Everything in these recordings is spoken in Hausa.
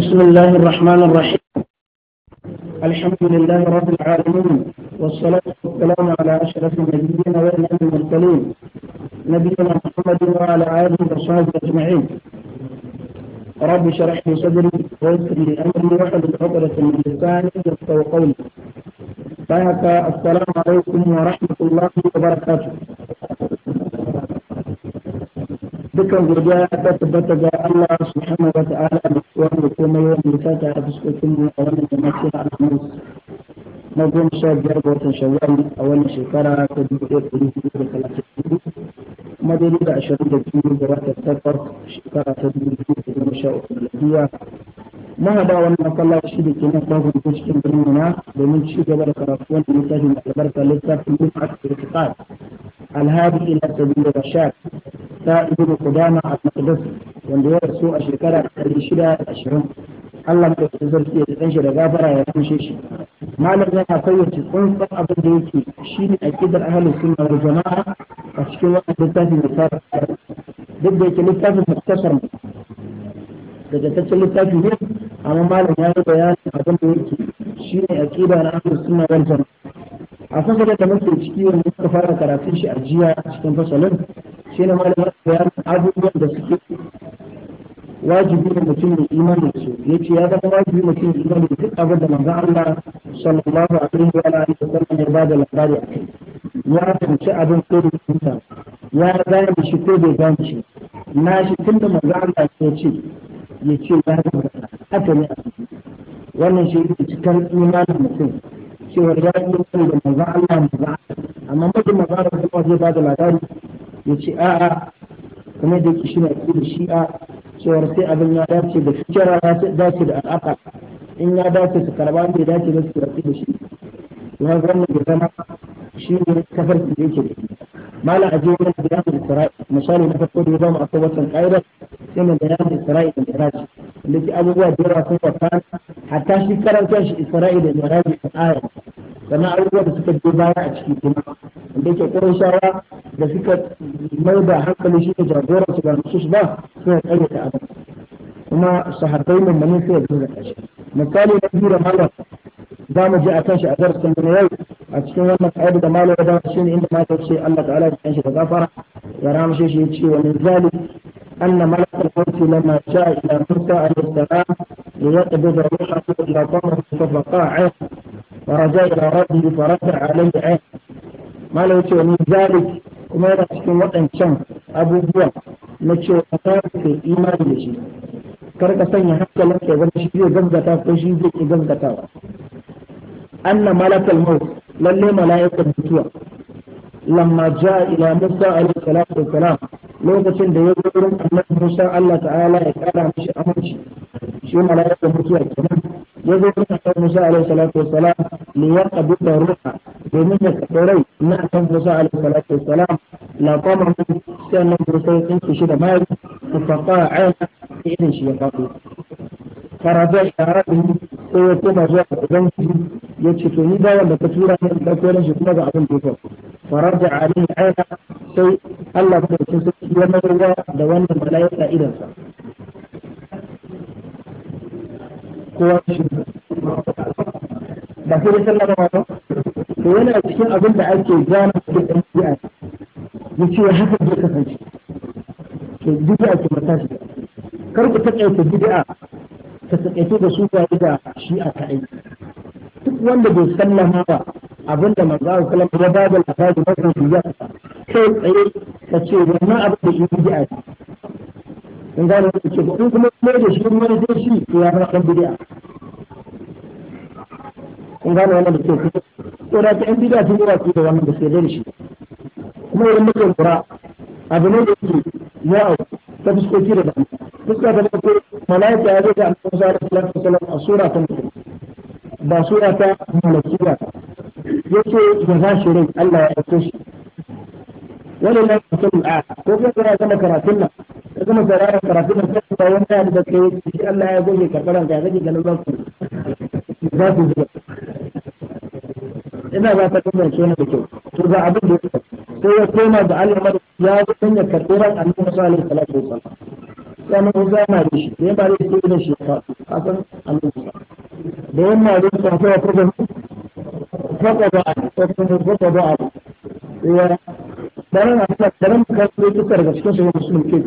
بسم الله الرحمن الرحيم الحمد لله رب العالمين والصلاة والسلام على أشرف النبيين وإمام المرسلين نبينا محمد وعلى آله وصحبه أجمعين رب اشرح لي صدري ويسر لي أمري واحلل عقدة من لساني يفقهوا قولي السلام عليكم ورحمة الله وبركاته dukkan gurbiya ta tabbata ga Allah subhanahu wa ta'ala da wanda komai wanda ta tare fuskokin mu a wannan jama'a na alhamis na goma sha biyar ga watan shawwal a wannan shekara ta dubu ɗaya ɗari hudu da talatin hudu kuma daidai da ashirin da biyu ga watan takwas shekara ta dubu biyu da goma sha uku da biya mun haɗa wannan masallaci da ke nan kwakwan ta cikin birnin na domin ci gaba da karatu wanda littafin albarka littafin yin aka kirkitar الهادي الى سبيل الرشاد سائد بن المقدس وندور سوء شكرا في شدة اشهر الله يكفر في الانشاء غابرة يا مشيش ما لم يكن قوتي انصى ابو ديكي شين اكيد اهل السنه والجماعه اشكي وقت بالتهدي مسافه ضد الكنيسه مختصر daga cikin littafi ne amma malam ya yi bayanin abin da yake shine aqida na ahlus a sassanin da mace ciki wanda ta fara karatun shi a jiya cikin fasalin shi ne malamar bayan abubuwan da suke wajibi da mutum mai imani su ya ce ya zama wajibi mutum mai imani duk abin da manzon Allah sallallahu alaihi wa alihi wa sallam ya bada labari a ya fahimci abin ko da kinta ya gane shi ko bai gane shi na shi tun da manzon Allah ya ce ya ce ya zama haka ne a wannan shi ne cikar imanin mutum cewa ya yi wani da maza Allah maza amma mutum maza da kuma zai ba da labari ya ce a'a kuma da yake shine aki da shi'a cewar sai abin ya dace da fikira ya dace da al'aka in ya dace su karba ne ya dace da su rafi da shi ya zama da zama shi ne kafar su yake da shi mala aje wani bayanin isra'i misali na farko da ya zama akwai watan ƙa'idar sai mai bayanin isra'i da miraji التي أبوها جرى سفر حتى شيء كرم كاش إسرائيل إن راجع آية كما أبوها بسكة جبايا أشكي كما التي أقول إن شاء الله بسكة موضع حق اللي شيء جابورا سبع نصوص با سنة أي تأبا وما صحبين من منين فيه جنة أشكي مكالي نبيرا مالا دام جاء كاش أدار سلمنا يوم أشكي لما تعيد دمالا ودام سين عندما تبسي الله تعالى يتعيش الغفرة ورامشي شيء ومن ذلك أن ملك الموت لما جاء إلى موسى عليه السلام ليقبض روحه إلى طمر فبقى عين ورجع إلى ربه فرفع عليه عين ما لو من ذلك وما يتكلم وطن شم أبو بوا نتشو أطار في إيمان لشي كرك سنة حتى لك ونشي جمزة تاوشي في جمزة أن ملك الموت للي ملايك الموتوة لما جاء إلى موسى عليه الصلاة والسلام لوكتين دا يقولون أن موسى الله تعالى يقال مش أمرش شو ملائكة موسى كمان يقولون أن موسى عليه الصلاة والسلام ليقبض روحه بمن يكبري نعتم موسى عليه الصلاة والسلام لا طمع سأن موسى يقول شو ما فقاع عينه إذن شي يقول فرجع إلى ربه سيكون جاء إذن يتشتوني دا ولا تكبيرا من الأكوان شكما بعض الجفاف faraja alaihi aina sai Allah ta dauki sarki ya mayarwa da wannan mala'ika idansa kowa ba sai ba ba to yana cikin abin da ake gane cikin ɗan bi'a ya ce haka zai kasance to duka ce mata shi kar ku taƙaita bid'a ta taƙaita da su ba da shi'a ta aiki duk wanda bai sallama ba abinda manzo Allah sallallahu alaihi wasallam ya bada labari na zuciya kai tsaye ta ce wannan abin da shi a yi. in gane ku ce in kuma mai da shi mai da shi to ya fara kan bid'a in wannan da ke ko da ta bid'a sun yi da wannan da sai da shi kuma idan muka kura abu ne da yake ya au ta fuskoki da dama fuska ta ko malaika ya ga annabi sallallahu alaihi wasallam a sura ta ba sura ta malakiya yake da za shi rai Allah ya aiko shi wani na mutum a ko kuma kana gama karatun nan ka gama sauraron karatun nan sai ka wani da kai shi Allah ya goge karbaran ka gaji ganin za ku za su zuwa ina ba ta kuma shi ne da kyau to ga abin da ya sai ya koma da Allah ma ya sanya karbaran Annabi sallallahu alaihi wasallam sai mun zama da shi sai ba zai da shi ka san Allah da yamma da sa sai fara faqada tafsirin faqada ya dan Allah cikin ke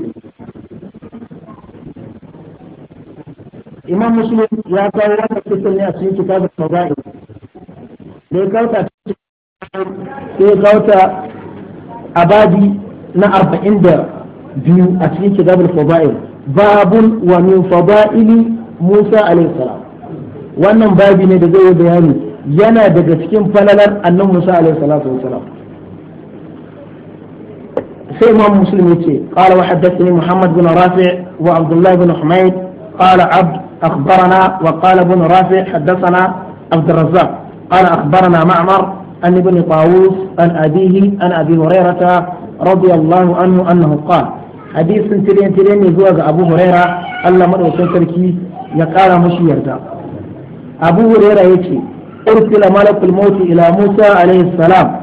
imam ya kawo wannan kisan ne a cikin da ya kauta kauta abadi na arba'in da biyu a cikin kitabul babun wa min fadaili musa alaihi wannan babi ne da zai yi bayani yana daga cikin falalar annabi Musa alaihi salatu wasalam sai imam muslim yace qala wa haddathani muhammad bin rafi' wa abdullah bin humayd qala abd akhbarana wa qala bin rafi' haddathana عبد الرزاق قال أخبرنا معمر عن ابن طاووس عن أبيه عن أبي هريرة رضي الله عنه أنه قال حديث ترين ترين يزوج أبو هريرة الله مدعو تركي يقال مش يرجع أبو هريرة يكي أرسل ملك الموت إلى موسى عليه السلام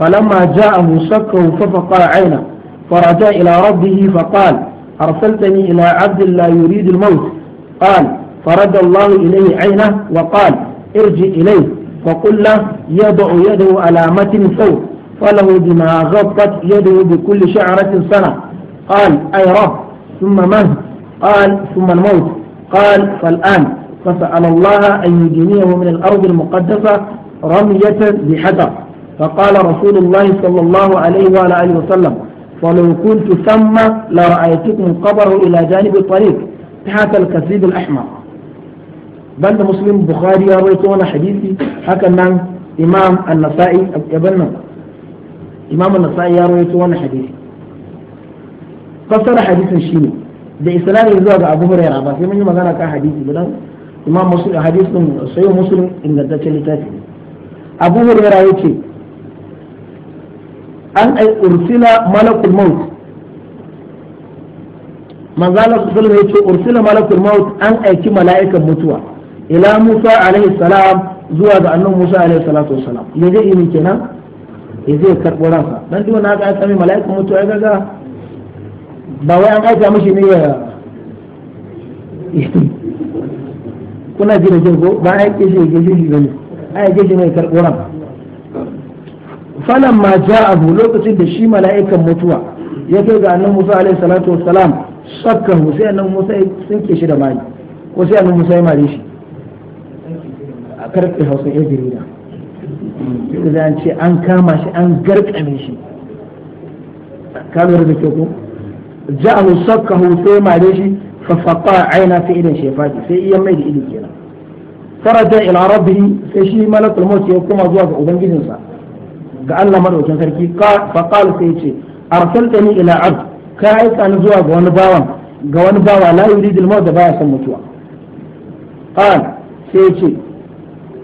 فلما جاءه شكه ففقع عينه فرجع إلى ربه فقال أرسلتني إلى عبد لا يريد الموت قال فرد الله إليه عينه وقال ارجع إليه فقل له يضع يده على متن فوق فله بما غطت يده بكل شعرة سنة قال أي رب ثم من قال ثم الموت قال فالآن فسأل الله أن يجنيه من الأرض المقدسة رمية بحجر فقال رسول الله صلى الله عليه وعلى آله وسلم ولو كنت ثم لرأيتكم قبره إلى جانب الطريق تحت الكثيب الأحمر بل مسلم بخاري يروي حديثي هكذا إمام النسائي يبنى إمام النسائي يروي تونا حديثي فسر حديث شيني da islami zuwa ga abu hurairah ba sai mun yi magana kan hadisi ba dan imam muslim hadisin sayyid muslim ingantaccen littafi abu hurairah yace an ai ursila malakul maut manzala Allah sallallahu alaihi wasallam ursila malakul maut an aiki mala'ikan mutuwa ila Musa alaihi salam zuwa ga annabi Musa alaihi salatu wasalam ya zai yi kenan ya zai karbo ransa dan duk wani aka sami mala'ikan mutuwa ya ga ba wai an aika mishi ne ya kuna ji da jinko ba a yake shi yake shi gani a yake shi mai Falon ma falan ma ja'ahu lokacin da shi mala'ikan mutuwa ya kai ga annabi Musa alaihi salatu wassalam sakkahu Musa annabi Musa sun ke shi da mai ko sai annabi Musa ya mare shi a karfe hausa ya jirida yadda za ce an kama shi an garkame shi ka lura da kyau ko ja'ahu Musa ya mare shi fafaqa aina sai idan shi sai iya mai da ido kenan faraja ila rabbihi sai shi malakul maut ya koma zuwa ga ubangijinsa ga Allah madaukakin sarki fa sai ce arsaltani ila abd ka aika ni zuwa ga wani bawan ga wani bawa la yuridul maut baya son mutuwa qala sai ce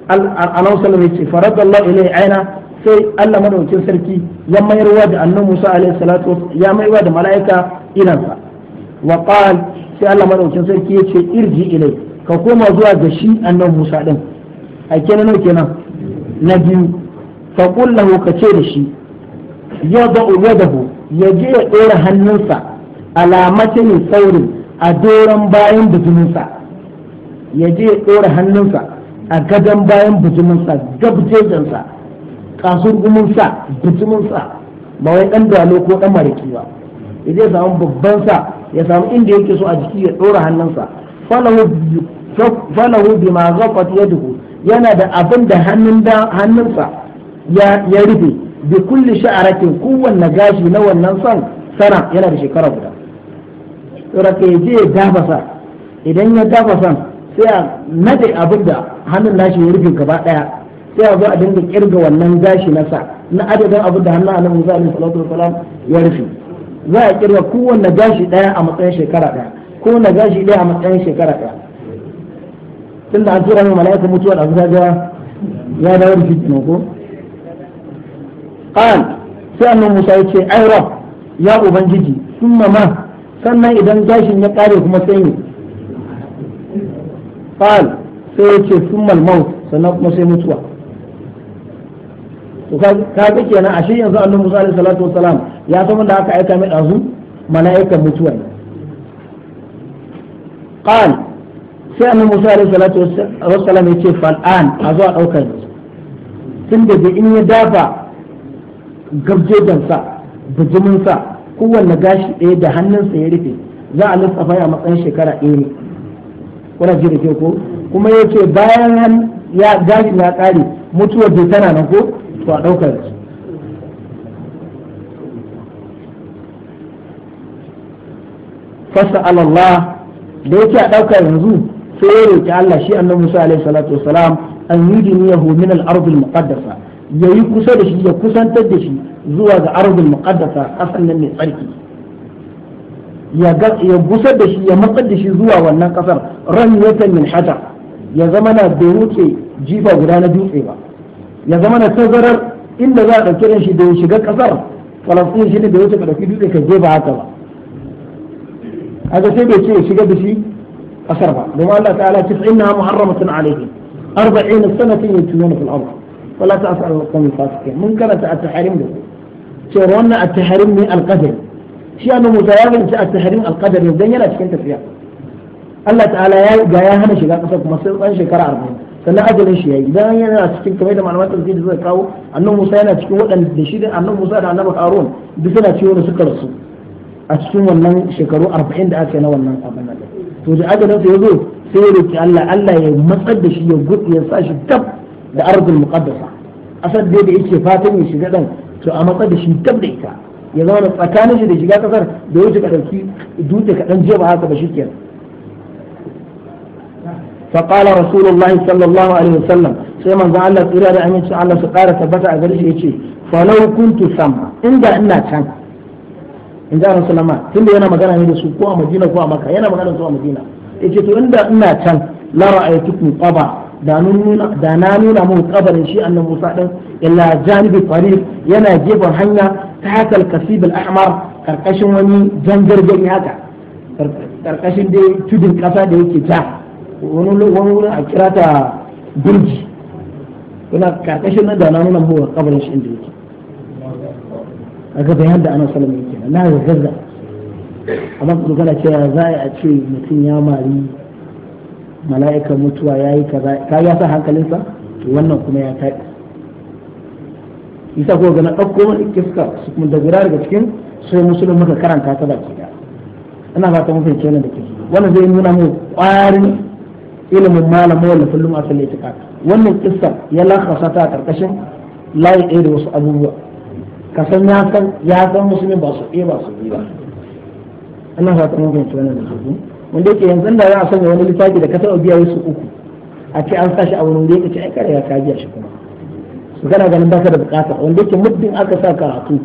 annabi sallallahu alaihi ce farada Allah ilai aina sai Allah madaukakin sarki ya mayarwa da annabi Musa alaihi salatu ya mayarwa da mala'ika idansa wa qala sai Allah madaukin sarki ya ce irji ilai ka koma zuwa ga shi annan Musa din a kenan nau kenan na biyu fa kullahu ka ce da shi ya da'u yadahu ya je ya dora hannunsa alamatin saurin a doran bayan bijiminsa ya je ya dora hannunsa a gadon bayan bijiminsa gabjejansa kasur gumunsa bijiminsa ba wai dan dalo ko dan mariki ya samu babban sa ya samu inda yake so a jiki ya dora hannunsa falahu bima ghafat yaduhu yana da abin da hannun hannunsa ya rufe bi kulli sha'aratin kowanne gashi na wannan san sana yana da shekara guda saboda ya je ya dafa idan ya dafa sai a nade abin da hannun nashi ya rufe gaba daya sai a zo a dinga kirga wannan gashi na sa na adadin abin da hannun annabi sallallahu alaihi wasallam ya rufe za a kirga kowanne gashi ɗaya a matsayin shekara ɗaya kowanne gashi ɗaya a matsayin shekara ɗaya tunda an tura mai mala'ika mutuwa da zaga ya dawo da fitina ko qal sai annabi Musa ya ce ai rab ya ubangiji kuma ma sannan idan gashin ya kare kuma sai ne qal sai ya ce summal maut sannan kuma sai mutuwa to ka ga kenan ashe yanzu annabi Musa alaihi salatu wassalam ya san wanda aka aika mai dazu mala'ikan mutuwa ne qal sai annabi Musa alaihi salatu wassalam ya ce fal an a zo a dauka yanzu tunda da in ya dafa gabjejan sa bijimin sa kowanne gashi ɗaya da hannunsa ya rufe za a lissafa a matsayin shekara ɗaya ne kuna ji da ke ko kuma ya ce bayan ya gashi na ƙare mutuwar bai tana nan ko to a ɗauka da su fasa'ala Allah da yake a ɗauka yanzu sai ya roƙi Allah shi annabi Musa alaihi salatu wasalam an yudiniyahu min al-ardh al-muqaddasa yayi kusa da shi ya kusantar da shi zuwa ga ardul muqaddasa kasan nan mai tsarki ya gusar da shi ya matsar da shi zuwa wannan kasar ran yatan min hajar ya zama na bai wuce jifa guda na dutse ba ya zama na tazarar inda za a ɗauki ran shi da shiga ƙasar falastin shi ne da wuce ka ɗauki dutse ka je ba haka ba haka sai bai ce ya shiga da shi ƙasar ba domin Allah ta'ala ce fa inna muharramatun alaihim arba'ina sanatin yatununa fil ardh wala ta'sal al-qawmi fasiqin mun karanta at-tahrim da cewa wannan at-tahrim ne al-qadari shi annabi Musa ya gani at-tahrim al-qadari dan yana cikin tafiya Allah ta'ala ya ga ya hana shiga ƙasar kuma sai tsan shekara 40 sannan ajalin shi yayi idan yana cikin kamar da malaman tafsiri zai kawo annabi Musa yana cikin waɗanda da shi da annabi Musa da annabi Harun duk suna ciwo da suka rasu a cikin wannan shekaru 40 da aka yi na wannan abin nan to da ajalin sa yazo sai ya roki Allah Allah ya matsar da shi ya gudu ya sa shi tab da ardul muqaddasa asad da yake fatan ya shiga dan to a matsar da shi tab da ita ya zama tsakanin shi da shiga kasar da wuce ka dauki dutse kaɗan jefa haka ba shi kenan فقال رسول الله صلى الله عليه وسلم سيما ذا الله ترى ده أمين شاء الله سقارة ثبت أغرش يشي فلو كنت سمع إن ده إنا كان إن ده رسول الله تند ينا مغانا هيدا سوكوا مدينة كوا مكا ينا مغانا سوا مدينة يجي تو إن ده إنا كان لا رأيتكم قبع da na nuna mun kabarin shi annan Musa din illa janibi tariq yana gefen hanya ta hakal kasib al-ahmar karkashin wani jangargari haka karkashin dai tudin kasa da yake ta wani wurin a kira ta birji yana karkashin nan da na nuna mawa kabarin shi inda yake a ga bayan da ana salama yake na ga gaza amma kuma kana cewa za a ce mutum ya mari mala'ikan mutuwa ya yi kaza ka ya sa hankalinsa wannan kuma ya taɗi isa ko gana ɗauko mana kiska su kuma da guda daga cikin sai musulun muka karanta ta baki da ana ba ta mafi kenan da ke wannan zai nuna mu ƙwarin ilimin malama wala kullum a asal itiqad wannan kissa ya lakasa ta karkashin layi ɗaya da wasu abubuwa ka san ya san ya san musulmi ba su ɗaya ba su biyu ba ana sa mun fahimci wannan da wanda yake yanzu da za a sanya wani littafi da ka taɓa biya wasu uku a ce an sashi a wurin da yake ce ai kare ya ka biya shi kuma su gana ganin baka da bukata wanda yake muddin aka sa karatu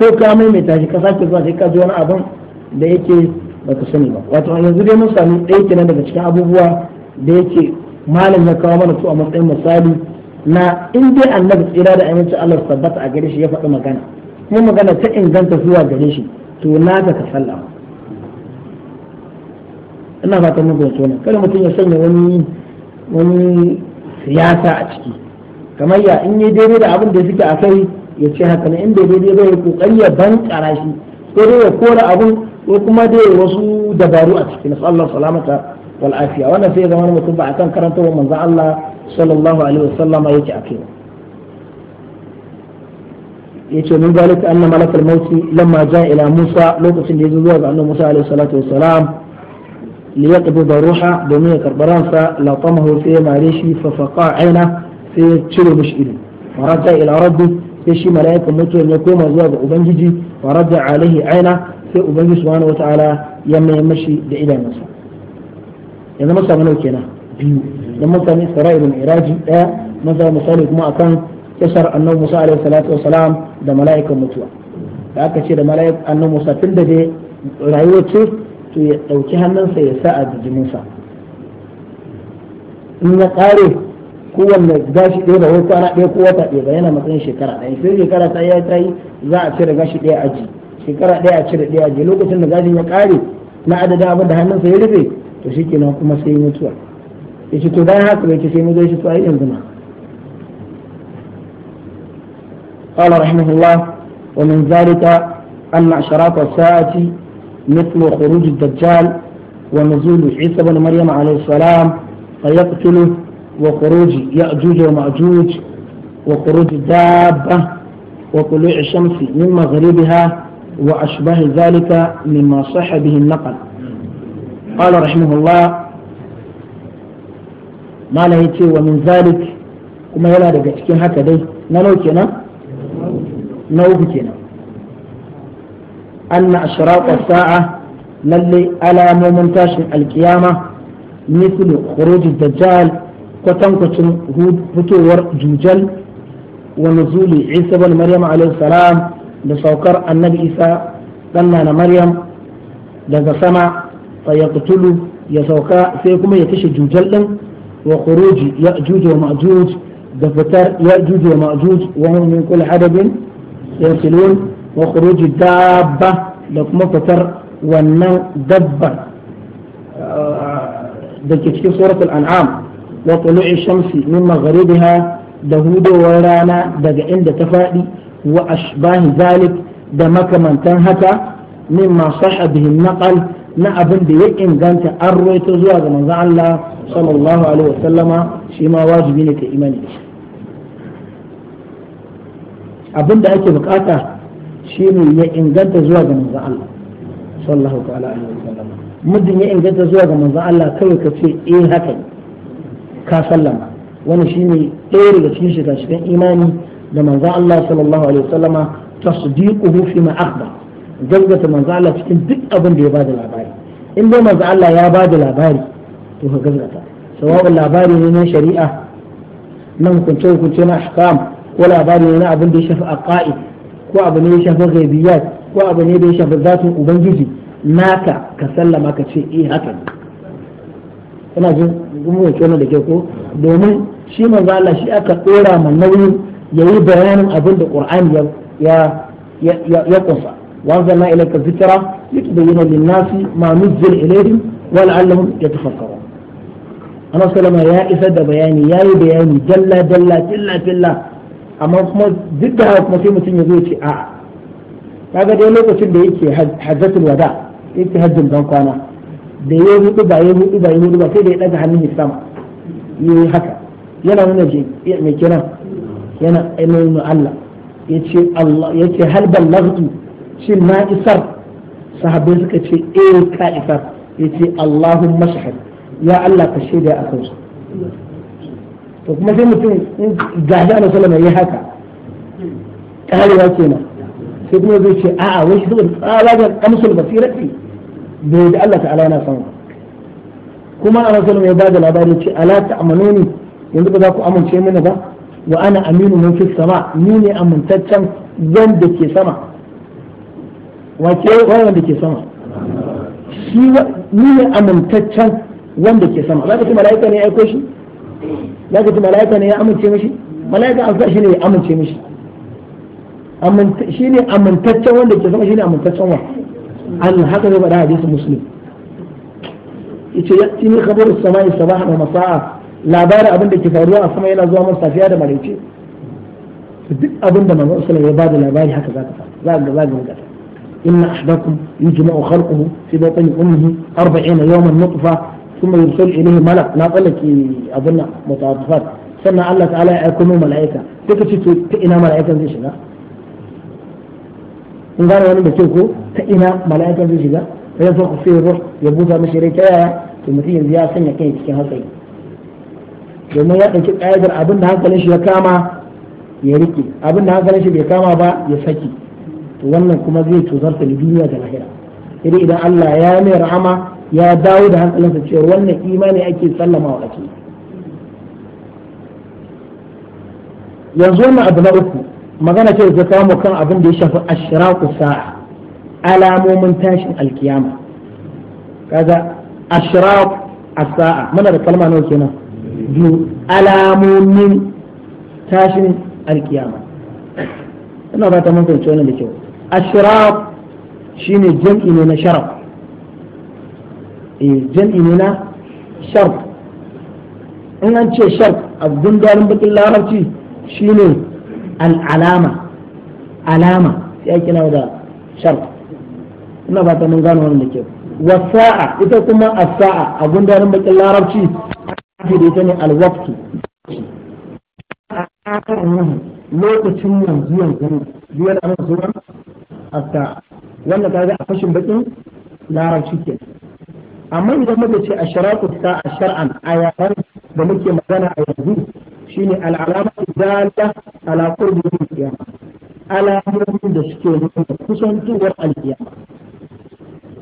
ko ka maimaita shi ka sake zuwa sai ka ji wani abin da yake ba ka sani ba wato yanzu dai mun sami ɗaya kenan daga cikin abubuwa da yake malam ya kawo mana su a matsayin misali na in dai annabi tsira da aminci Allah su tabbata a gare shi ya faɗi magana kuma magana ta inganta zuwa gare shi to na ka ka sallama ina ba ta mugun tona kada mutum ya sanya wani wani siyasa a ciki kamar ya in yi daidai da abin da suke a kai ya ce haka ne in bai daidai ba ya kokari ya ban kara shi ko dai ya kora abin ko kuma dai wasu dabaru a ciki na sallar salamata walafiya afiya wannan sai zama mutum ba karanta wa manzon Allah sallallahu alaihi wasallama yake akai yace min zalika anna malakal mauti lamma jaa ila Musa lokacin da zo zuwa ga annabi Musa alaihi salatu wassalam li ruha domin ya karɓi ransa latamahu sai ya mare shi fa faqa aina sai ya cire mishi ido waraja ila rabbi sai shi mala'ikan mutuwar ya koma zuwa ga ubangiji waraja alaihi aina sai ubangiji subhanahu wataala ya mai mashi da idanunsa yanzu mun samu nau kenan biyu dan mun sami sara'irul iraji daya maza misali kuma akan kisar annabi Musa alaihi salatu salam da mala'ikan mutuwa da aka ce da mala'ikan annabi Musa tun da dai rayuwa ce to ya dauki hannunsa ya sa a jijiminsa in ya kare kowanne gashi ɗaya ba wai kwana ɗaya ko wata ɗaya ba yana matsayin shekara ɗaya sai shekara ta ya ta yi za a cire gashi ɗaya aji shekara ɗaya a cire ɗaya aji lokacin da gashin ya kare na adadin abin da hannunsa ya rufe to shi kenan kuma sai mutuwa ya ce to bayan haka bai ce sai mutuwa to ai yanzu ma قال رحمه الله ومن ذلك أن أشراط الساعة مثل خروج الدجال ونزول عيسى بن مريم عليه السلام فيقتله وخروج يأجوج ومأجوج وخروج الدابة وطلوع الشمس من مغربها وأشبه ذلك مما صح به النقل قال رحمه الله ما لا يتي ومن ذلك كما يلا daga cikin haka dai na nau kenan na uku kenan anna ashraq as-sa'a lalle alamomin tashin alkiyama مثل خروج الدجال كتنكتن هود فتور جوجل ونزول عيسى بن مريم عليه السلام لسوكر النبي عيسى قلنا مريم daga sama fa yaqtulu ya sauka sai kuma ya kashe jujal din wa khuruji ya'juj wa ma'juj da fitar ya'juj wa ma'juj wa hum min kulli hadabin yasilun wa khuruji dabba da kuma fitar wannan dabbar da ke cikin suratul an'am wa tulu'i shamsi min magharibiha da hudowar rana daga inda ta faɗi wa ashbahi zalik da makamantan haka min sahha bihi naqal na abin da ya inganta an roito zuwa ga manzan Allah sallallahu alaihi wasallama shi ma wajibi ne ka imani da shi abin da ake bukata shi ne ya inganta zuwa ga manzan Allah sallallahu alaihi wasallama muddin ya inganta zuwa ga manzan Allah kawai ka ce eh haka ka sallama wani shi ne ɗaya daga cikin shiga cikin imani da manzan Allah sallallahu alaihi wasallama tasdiquhu fi ma akhbar gaggata manzo Allah cikin duk abin da ya bada labari in dai manzo Allah ya bada labari to ka gaggata sawabin labari ne na shari'a na hukunce hukunce na ahkam ko labari ne na abin da ya shafi aqaid ko abu ne ya shafi ghaibiyat ko abu ne da ya shafi zatin ubangiji naka ka sallama ka ce eh haka ne kana jin gumo kenan da ke ko domin shi manzo Allah shi aka dora ma nauyin yayi bayanin abin da Qur'ani ya ya ya kunsa وأنزلنا إليك الذكرى لتبين للناس ما نزل إليهم ولعلهم يتفكرون أنا سلمة يا إسد بياني يا بياني جلا جلا جلا جلا amma kuma duk da kuma sai mutum ya zo kaga dai lokacin da yake hajjatul wada yake hajjin ban kwana da ya hudu ba ya hudu ba ya ba sai da ya daga hannun sama ya yi haka yana nuna mai kiran yana nuna Allah ya ce Allah ya ce hal ballaghtu shin na isar sahabbai suka ce eh ka isar ya yace Allahumma shahid ya Allah ka shaida a kansu to kuma sai mutum in gaji ana sallama ya haka karewa kenan sai kuma zai ce a'a wai shi saboda tsabagen amsul basirati bai da Allah ta'ala yana son kuma a ana sallama ya bada labarin ce ala ta'manuni yanzu ba za ku amince mini ba wa ana aminu mun fi sama ni ne amintaccen wanda ke sama wace wanda ke sama shi ni ne amintaccen wanda ke sama za ka ci mala'ika ne ya aiko shi za ka ci mala'ika ne ya amince mishi mala'ika azza shi ne ya amince mishi shi ne amintaccen wanda ke sama shi ne amintaccen wa an haka zai faɗa hadisi muslim yace yati ni khabaru samai sabahan da masa'a labarin abin da ke faruwa a sama yana zuwa mun safiya da maraice duk abin da manzon sallallahu alaihi wasallam ya bada labari haka za ka za ka za إن أحدكم يجمع خلقه في بطن أمه أربعين يوما نطفة ثم يرسل إليه ملك لا لك أظن متعاطفات سنة الله تعالى يكون ملائكة تكتشف تئنا ملائكة زي شغا إن قالوا أنا بتوكو تئنا ملائكة زي شغا فيزرق فيه الروح يبوزها مشيري تايا ثم تيجي زيارة سنة كي تكين هالكي لما ya ɗauki ƙa'idar abin da hankalin shi ya kama ya riƙe abin da hankalin shi bai kama wannan kuma zai cusarsa da duniya da lahira sai idan Allah ya mai rahama ya dawo da hankalinsa cewa wannan imani ake sallama wa ake yanzu wannan abu na uku magana ce da samu kan abin da ya shafi ashraqu sa'a alamomin tashin alkiyama kaga ashraq saa muna da kalma nawa kenan biyu alamomin tashin alkiyama ina ba ta mun fahimci wannan da kyau ashraf shine jam'i ne na sharaf eh jam'i ne na sharf in an ce sharf a dalin bakin larabci shine al'alama alama alama ake nawa da sharf ina ba ta mun gano wannan da ke wasa'a ita kuma asa'a a dalin bakin larabci ake da ita ne alwaqtu lokacin yanzu yanzu yana nan zuwa as-sa'a wannan kaga a fashin bakin larabci ke amma idan muka ce ashraqu sa'a shar'an yaran da muke magana a yanzu shine al-alamatu dalla ala qurbi al alamomin da suke nuna kusan al-qiyamah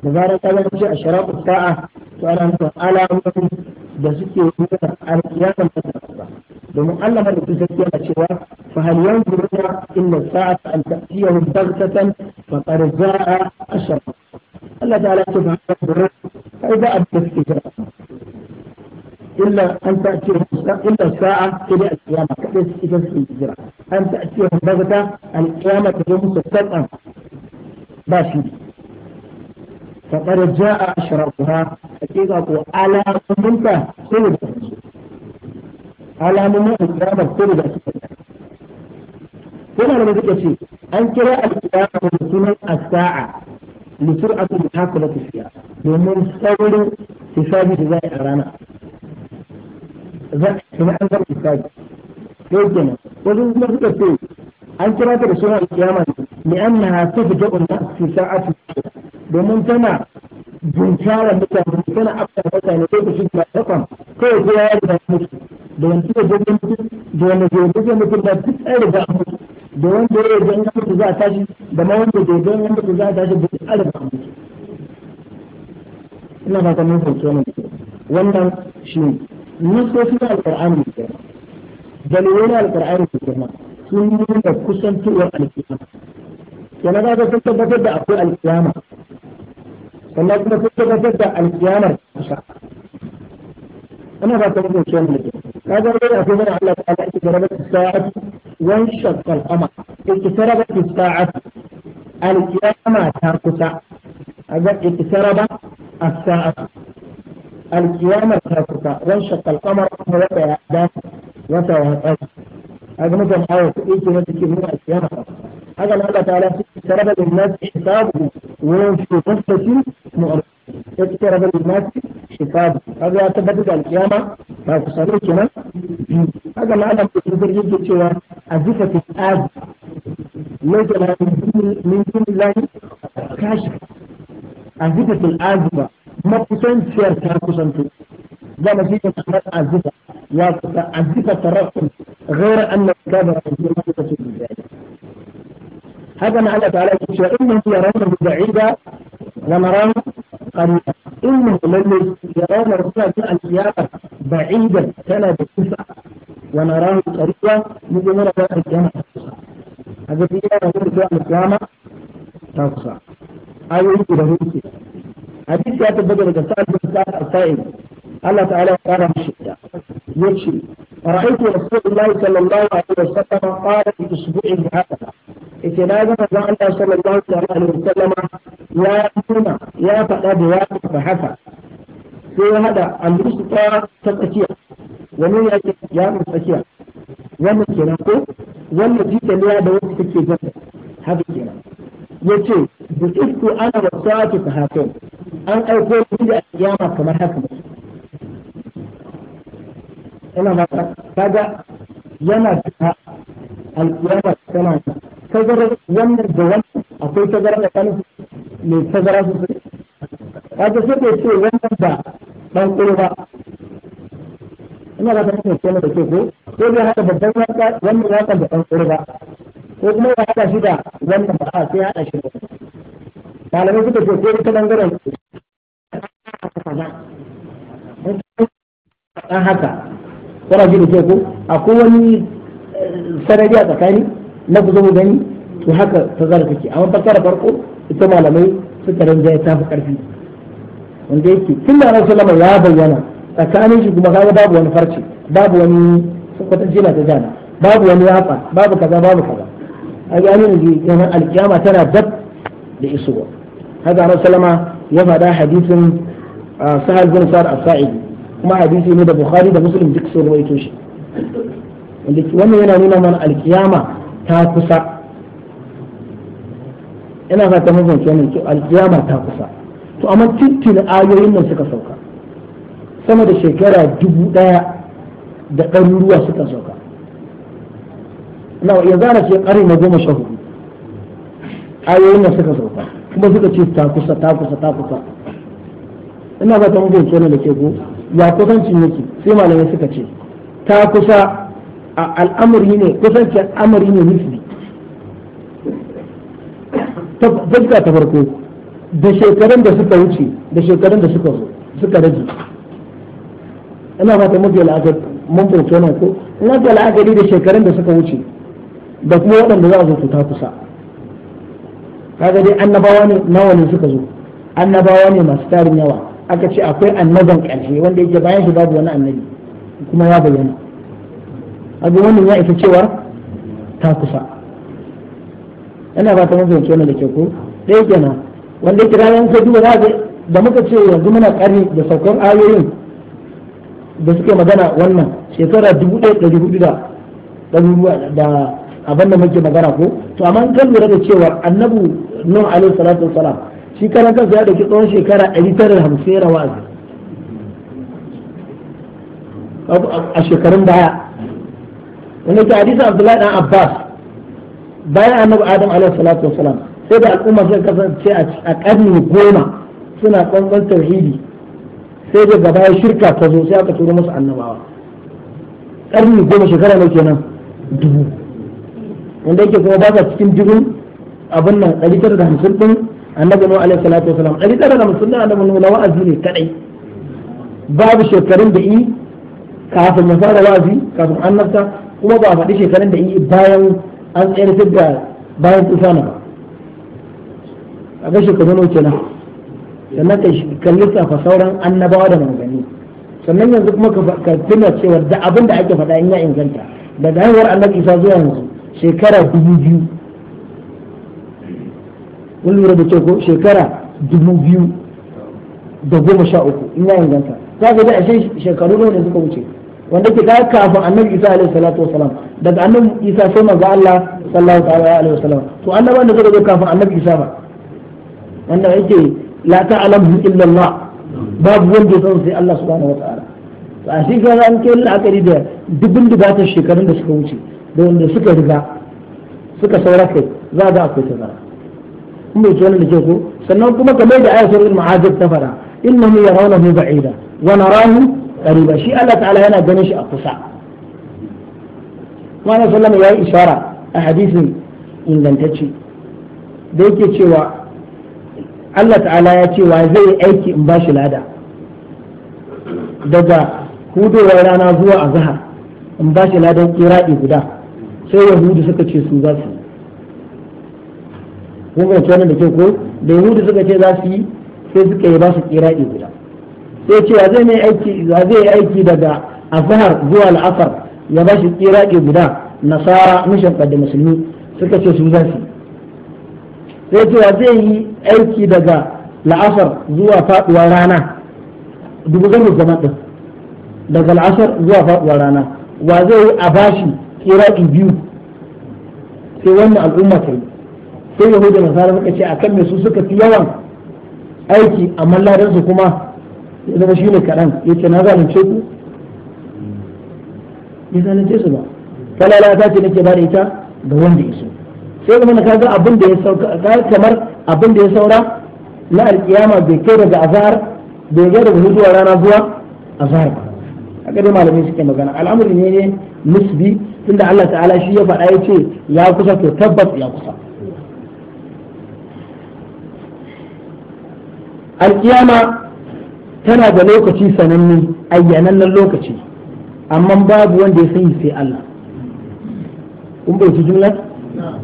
da zarar ka ce a ashraqu a to ana nufin alamomin da suke nuna al-qiyamah ta ba domin Allah madaukakin sarki yana cewa fa hal yanzuruna illa sa'ata an ta'tiyahum baghtatan fa qad za'a ashar Allah ta'ala ce fa yanzuruna kai za a tafi jira إلا أن تأتيهم إلا الساعة إلى القيامة كيف إذا الهجرة أن تأتيهم بغتة القيامة يوم ستطعم باشي فقد جاء أشرفها أكيد أقول على منك سلوك alamomin alƙiyamar ko da su ko da mun ce an kira alƙiyama da sunan as-sa'a li sur'ati muhakalati fiha domin saurin hisabi da zai a rana za su an zama hisabi sai kenan wajen kuma suka ce an kira ta da sunan alƙiyama ne annaha tafja'u an-nas fi sa'ati domin tana bunkarar mutane kana afta mutane ko ku da takwan ko ya ce ya riga mutu da wanda ya je mutu da wanda ya je mutu da duk an da mutu da wanda ya je mutu za a tashi da ma wanda ya je mutu za a tashi da duk an riga mutu ina ba ta mun fahimci wannan wannan shi ni na alƙur'ani da girma dalilai na alƙur'ani da girma sun da kusantowar alƙiyama yana ga sun tabbatar da akwai alƙiyama sannan kuma sun tabbatar da alkiyamar sha ana ba ta mutum shi wani ka ga wani akwai mana Allah ta ala ikita rabar sa'at wan shaqqal qamar ikita rabar sa'at alkiyama ta kusa a ga ikita rabar as-sa'at alkiyama ta kusa wan shaqqal qamar kuma wata ya da wata ya tsaya a ga mutum hawa kuɗi ke mata ke nuna alkiyama ta kusa haka Allah ta ala ikita rabar nas hisabu wa fi qassatin اقترب للناس حساب هذا تبدد القيامة لا تصلي كمان هذا ما أنا بقدر يجي سوى أزفة الآب ليس لها من دون الله كاشف أزفة الآزفة ما كسان سير كاكسان تو ده نتيجة أحمد أزفة وأزفة ترقم غير أن الكابر أزفة تسجد ذلك هذا ما الله تعالى يقول إنهم يرونه بعيدا ونراه قريبا إنه الذي يرون رسالة القيامة بعيدا كان بالكفء ونراه قريبا يجمعون ذات الجامعة هذا في يقول ذات القيامة تقصى أي يجب حديث يا تبدل الجسال بالسال السائل الله تعالى قال مشيئة يمشي ورأيت رسول الله صلى الله عليه وسلم قال في أسبوع هكذا yace na ga manzon Allah sallallahu alaihi wasallama ya tuna ya faɗa da ya faɗa haka sai ya hada al-rusul ta tsakiya wani ya ce ya mu tsakiya wannan kenan ko wannan jita ne da wasu take haka kenan yace bi ifku ana wasatu ta hakan an aiko ni da kiyama kamar haka ina ma kaga yana da al tazarar wannan da wannan akwai tazara da kan mai tazara su su kaga sai ka ce wannan da dan kurba ina ba ta mutum ce da ke ko ko zai haka babban waka wannan wakan da dan ba. ko kuma ya haka shi da wannan ba sai ya hada shi da malamai suka ce ko ta bangaren dan haka kuna ji da ke ko akwai wani eh, sanadi a tsakani na ku zo mu gani to haka tazara take amma bakara farko ita malamai suka rinjaye ta fi karfi wanda yake tun da rasu lama ya bayyana tsakanin shi kuma kaga babu wani farce babu wani sakwatan jina ta jana babu wani yatsa babu kaza babu kaza a gani ne kenan alkiyama tana dab da isuwa haka rasu lama ya faɗa hadisin sahal bin sa'ad as-sa'idi kuma hadisi ne da bukhari da muslim duk sun rawaito shi wannan yana nuna mana alkiyama ta kusa ina za ta mazance wannan to alkiyama ta kusa to amma tintin ayoyin nan suka sauka sama da shekara dubu daya da ɗaruruwa suka sauka na yanzu ana ce ƙari na goma sha hudu ayoyin nan suka sauka kuma suka ce ta kusa ta kusa ta kusa ina za ta mazance wannan da ke ko ya kusancin yake sai malamai suka ce ta kusa al'amari ne kusancin amari ne misli fuska ta farko da shekarun da suka wuce da shekarun da suka zo suka rage ina fata mafi al'adar mun bauta wannan ko ina ga al'adari da shekarun da suka wuce da kuma waɗanda za a zo ta kusa kaga dai annabawa ne nawa ne suka zo annabawa ne masu tarin yawa aka ce akwai annaban ƙarshe wanda yake bayan shi babu wani annabi kuma ya bayyana abu wannan ya isa cewar ta kusa Yana ba ta mafi fahimci wani da ke ko ɗaya kenan wanda yake ranar sai duba da muka ce yanzu muna ƙari da saukar ayoyin da suke magana wannan shekara dubu ɗaya ɗari hudu da da abin da muke magana ko to amma kan lura da cewa annabu nuhu alaihi salatu wassalam shi karan kansa ya dauki tsawon shekara ɗari tara hamsin yana wa'azi a shekarun baya wanda ke hadisin abdullahi dan abbas bayan annabi adam alaihi salatu wasalam sai da al'umma suka kasance a karni goma suna tsantsan tauhidi sai da gaba ya shirka ta zo sai aka turo musu annabawa karni goma shekara ne kenan dubu wanda yake kuma ba cikin dubun abin nan ɗari tara da hamsin ɗin annabi nuhu alaihi salatu wasalam ɗari tara da hamsin ɗin annabi nuhu na wa'azi ne kaɗai babu shekarun da i kafin ya fara wa'azi kafin annabta kuma ba a faɗi shekarun da yi bayan an tsayar da bayan na ba a ga shekaru nawa kenan sannan ka kalli fa sauran annabawa da mangani sannan yanzu kuma ka tuna cewa da abin da ake faɗa in ya inganta daga haihuwar annabi isa zuwa yanzu shekara dubu biyu kun lura da ko shekara dubu biyu da goma sha uku in ya inganta za ka ga ashe shekaru nawa ne suka wuce wanda ke ka kafin annabi isa alaihi salatu wa salam daga annabi isa sai manzo Allah sallallahu alaihi wasallam to annaban da zai zo kafin annabi isa ba wanda yake la ta'lamu illa Allah babu wanda ya san sai Allah subhanahu wataala to a shi ga an kai la'akari da dubin dubatar shekarun da suka wuce da wanda suka riga suka saura kai za ga akwai tazara in bai ci wannan da ke ko sannan kuma kamar da ayatul ma'ajib ta fara innahu yarawnahu ba'ida wa narahu ba shi Allah ta'ala yana ganin shi a kusa Muhammad sallallahu ya yi ishara a hadisin ingantacce da yake cewa Allah ta'ala ya ce wa zai yi aiki in ba shi lada daga hudowar rana zuwa a zahar in ba shi ladan kiraɗi guda sai yahudu suka ce su za su kun da kyau ko da yahudu suka ce za su yi sai suka yi ba su kiraɗi guda sai ce wa zai mai aiki zai aiki daga azhar zuwa al'asar ya bashi ke guda nasara mishan da musulmi suka ce su zasu sai ce wa zai yi aiki daga la'asar zuwa faɗuwar rana dubu zan zaman ɗin daga la'asar zuwa faɗuwar rana wa zai yi a tsira ke biyu sai wannan al'umma ta yi sai yahudu da nasara suka ce akan mai su suka fi yawan aiki amma ladan kuma ya zama shi ne kaɗan ya ce na zalunce ku ya zalunce su ba falala ce nake ba da ita ga wanda ya so sai zama ka ga abin da ya sauka kamar abin da ya saura na alkiyama bai kai daga azhar bai kai daga zuwa rana zuwa azhar ba haka dai malamai suke magana al'amari ne ne nisbi tunda Allah ta'ala shi ya faɗa ya ce ya kusa to tabbas ya kusa alkiyama tana da lokaci sananne ayyanannen lokaci amma babu wanda ya sani sai Allah kun bai jumla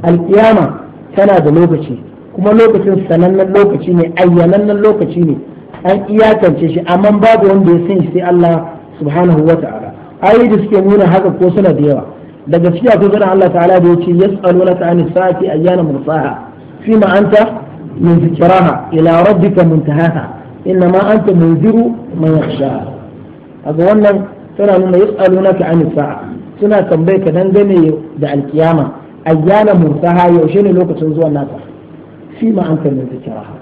alkiyama tana da lokaci kuma lokacin sanannen lokaci ne ayyanannen lokaci ne an iyakance shi amma babu wanda ya sani sai Allah subhanahu wa ta'ala da suke nuna haka ko suna da yawa daga cikin akwai Allah ta'ala da yace yas'alunaka anis sa'ati ayyana mursaha fima anta min zikraha ila rabbika muntahaha إنما أنت منذر من يخشاها أقول wannan tana nuna yas'alunaka an sa'a suna tambaye ka dangane da alkiyama ayyana murtaha yaushe ne lokacin zuwan nata fi ma an anta min zikraha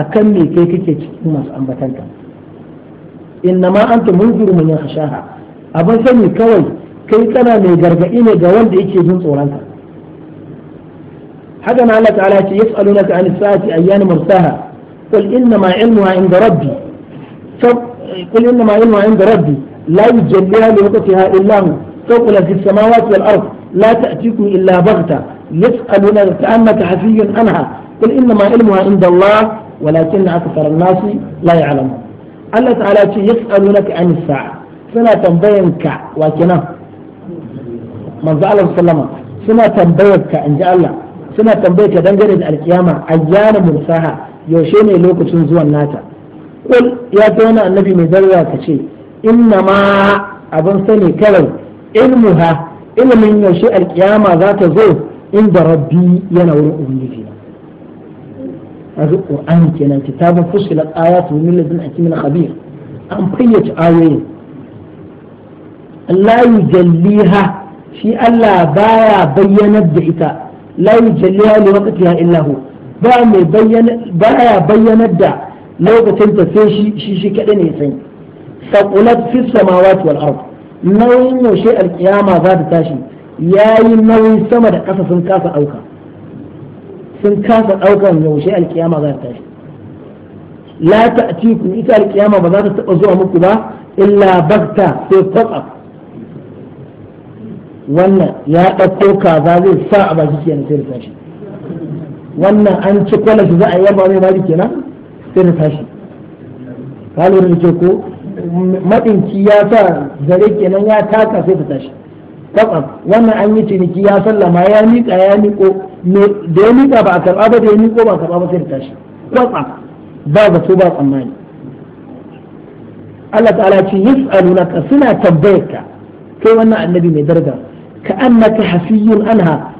akan me kai kake cikin masu ambatanta innama anta munziru man yakhshaha abin sani kawai kai kana mai gargadi ne ga wanda yake jin tsoronka haka na Allah ta'ala ce yas'alunaka an sa'ati ayyana murtaha قل إنما علمها عند ربي قل إنما علمها عند ربي لا يجليها لوقتها إلا هو ثقل في السماوات والأرض لا تأتيكم إلا بغتة يسألونك كأنك حفي عنها قل إنما علمها عند الله ولكن أكثر الناس لا يعلمون الله تعالى يسألونك عن الساعة سنة تنبينك وكنا من زعل وسلم سنة تنبينك إن جاء الله سنة تنبينك دنجر القيامة أيان مرساها yaushe ne lokacin zuwan nata kul ya ta wani annabi mai zarra ka ce inna ma abin sani kawai ilmuha ilimin yaushe alkiyama za ta zo inda rabbi yana wurin ubangiji na azu qur'ani kenan kitabun su ayatu min ladun hakimin khabir an fayyace ayoyin la yujalliha shi Allah baya bayyanar da ita la yujalliha li waqtiha illa hu ba mai baya bayyanar da lokacin ta shi shi shi kadai ne sani saqulat fis samawati wal ard nauyin yaushe alƙiyama za ta tashi yayi nauyi sama da ƙasa sun kasa dauka sun kasa daukan yaushe alƙiyama za ta tashi la ta'tiku ita alƙiyama ba za ta taɓa zuwa muku ba illa bakta sai kwatsa wannan ya ɗauko kaza zai sa a baki kenan sai da tashi wannan an ci shi za a yamma mai mali kenan sai na tashi ka lura da ce ko maɗinki ya sa zare kenan ya taka sai ta tashi kwatsam wannan an yi ciniki ya sallama ya miƙa ya miƙo da ya miƙa ba a karɓa ba da ya miƙo ba a karɓa ba sai ta tashi kwatsam ba zato ba tsammani Allah ta'ala ce yas'alunaka suna tambayarka kai wannan annabi mai daraja ka annaka hasiyun anha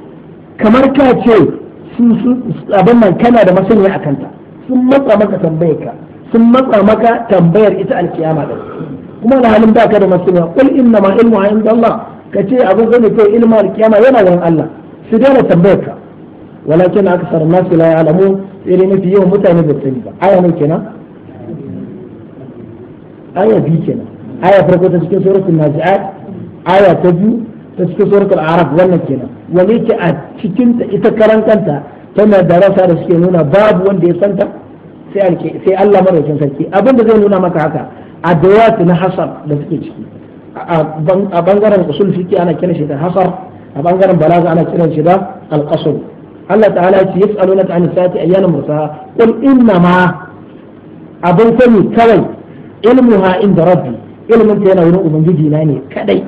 kamar ka ce su abin nan kana da masaniya a kanta sun matsa maka tambayar ka sun matsa maka tambayar ita alkiyama din kuma na halin baka da masaniya in inna ma ilmu a inda Allah ce abin zai kai ilmu alkiyama yana da Allah su daina tambayar ka walakin aksar nas la ya'lamun irin mafi yawan mutane ba sani ba aya ne kenan aya bi kenan aya farko ta cikin suratul nazi'at aya ta biyu ta cikin suratul arab wannan kenan wani ke a cikin ita karan kanta tana da rasa da suke nuna babu wanda ya santa sai sai Allah madaukakin sarki abin da zai nuna maka haka adawat na hasar da suke ciki a bangaren usul fiqi ana kiran shi da hasar a bangaren balaga ana kiran shi da alqasr Allah ta'ala ya ce yas'alunaka an sa'ati ayyana mursaha qul inna ma abin sani kawai ilmuha inda rabbi ilmin ta yana wurin ubangiji na ne kadai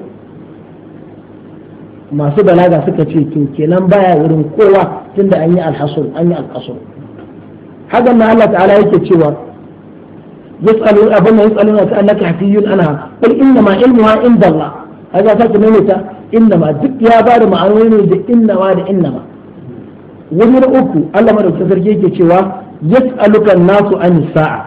masu balaga suka ce to kenan baya wurin kowa tunda an yi alhasur an yi alhasur hakan na Allah ta'ala yake cewa yas'alun abun yas'alun ta annaka hafiyun ana qul inna ma ilmuha inda Allah haka ta kuma ne ta inna ma duk ya ba da ma'anoni da inna ma da inna ma wani na uku Allah madaukakin sarki yake cewa yas'alukan nasu an sa'a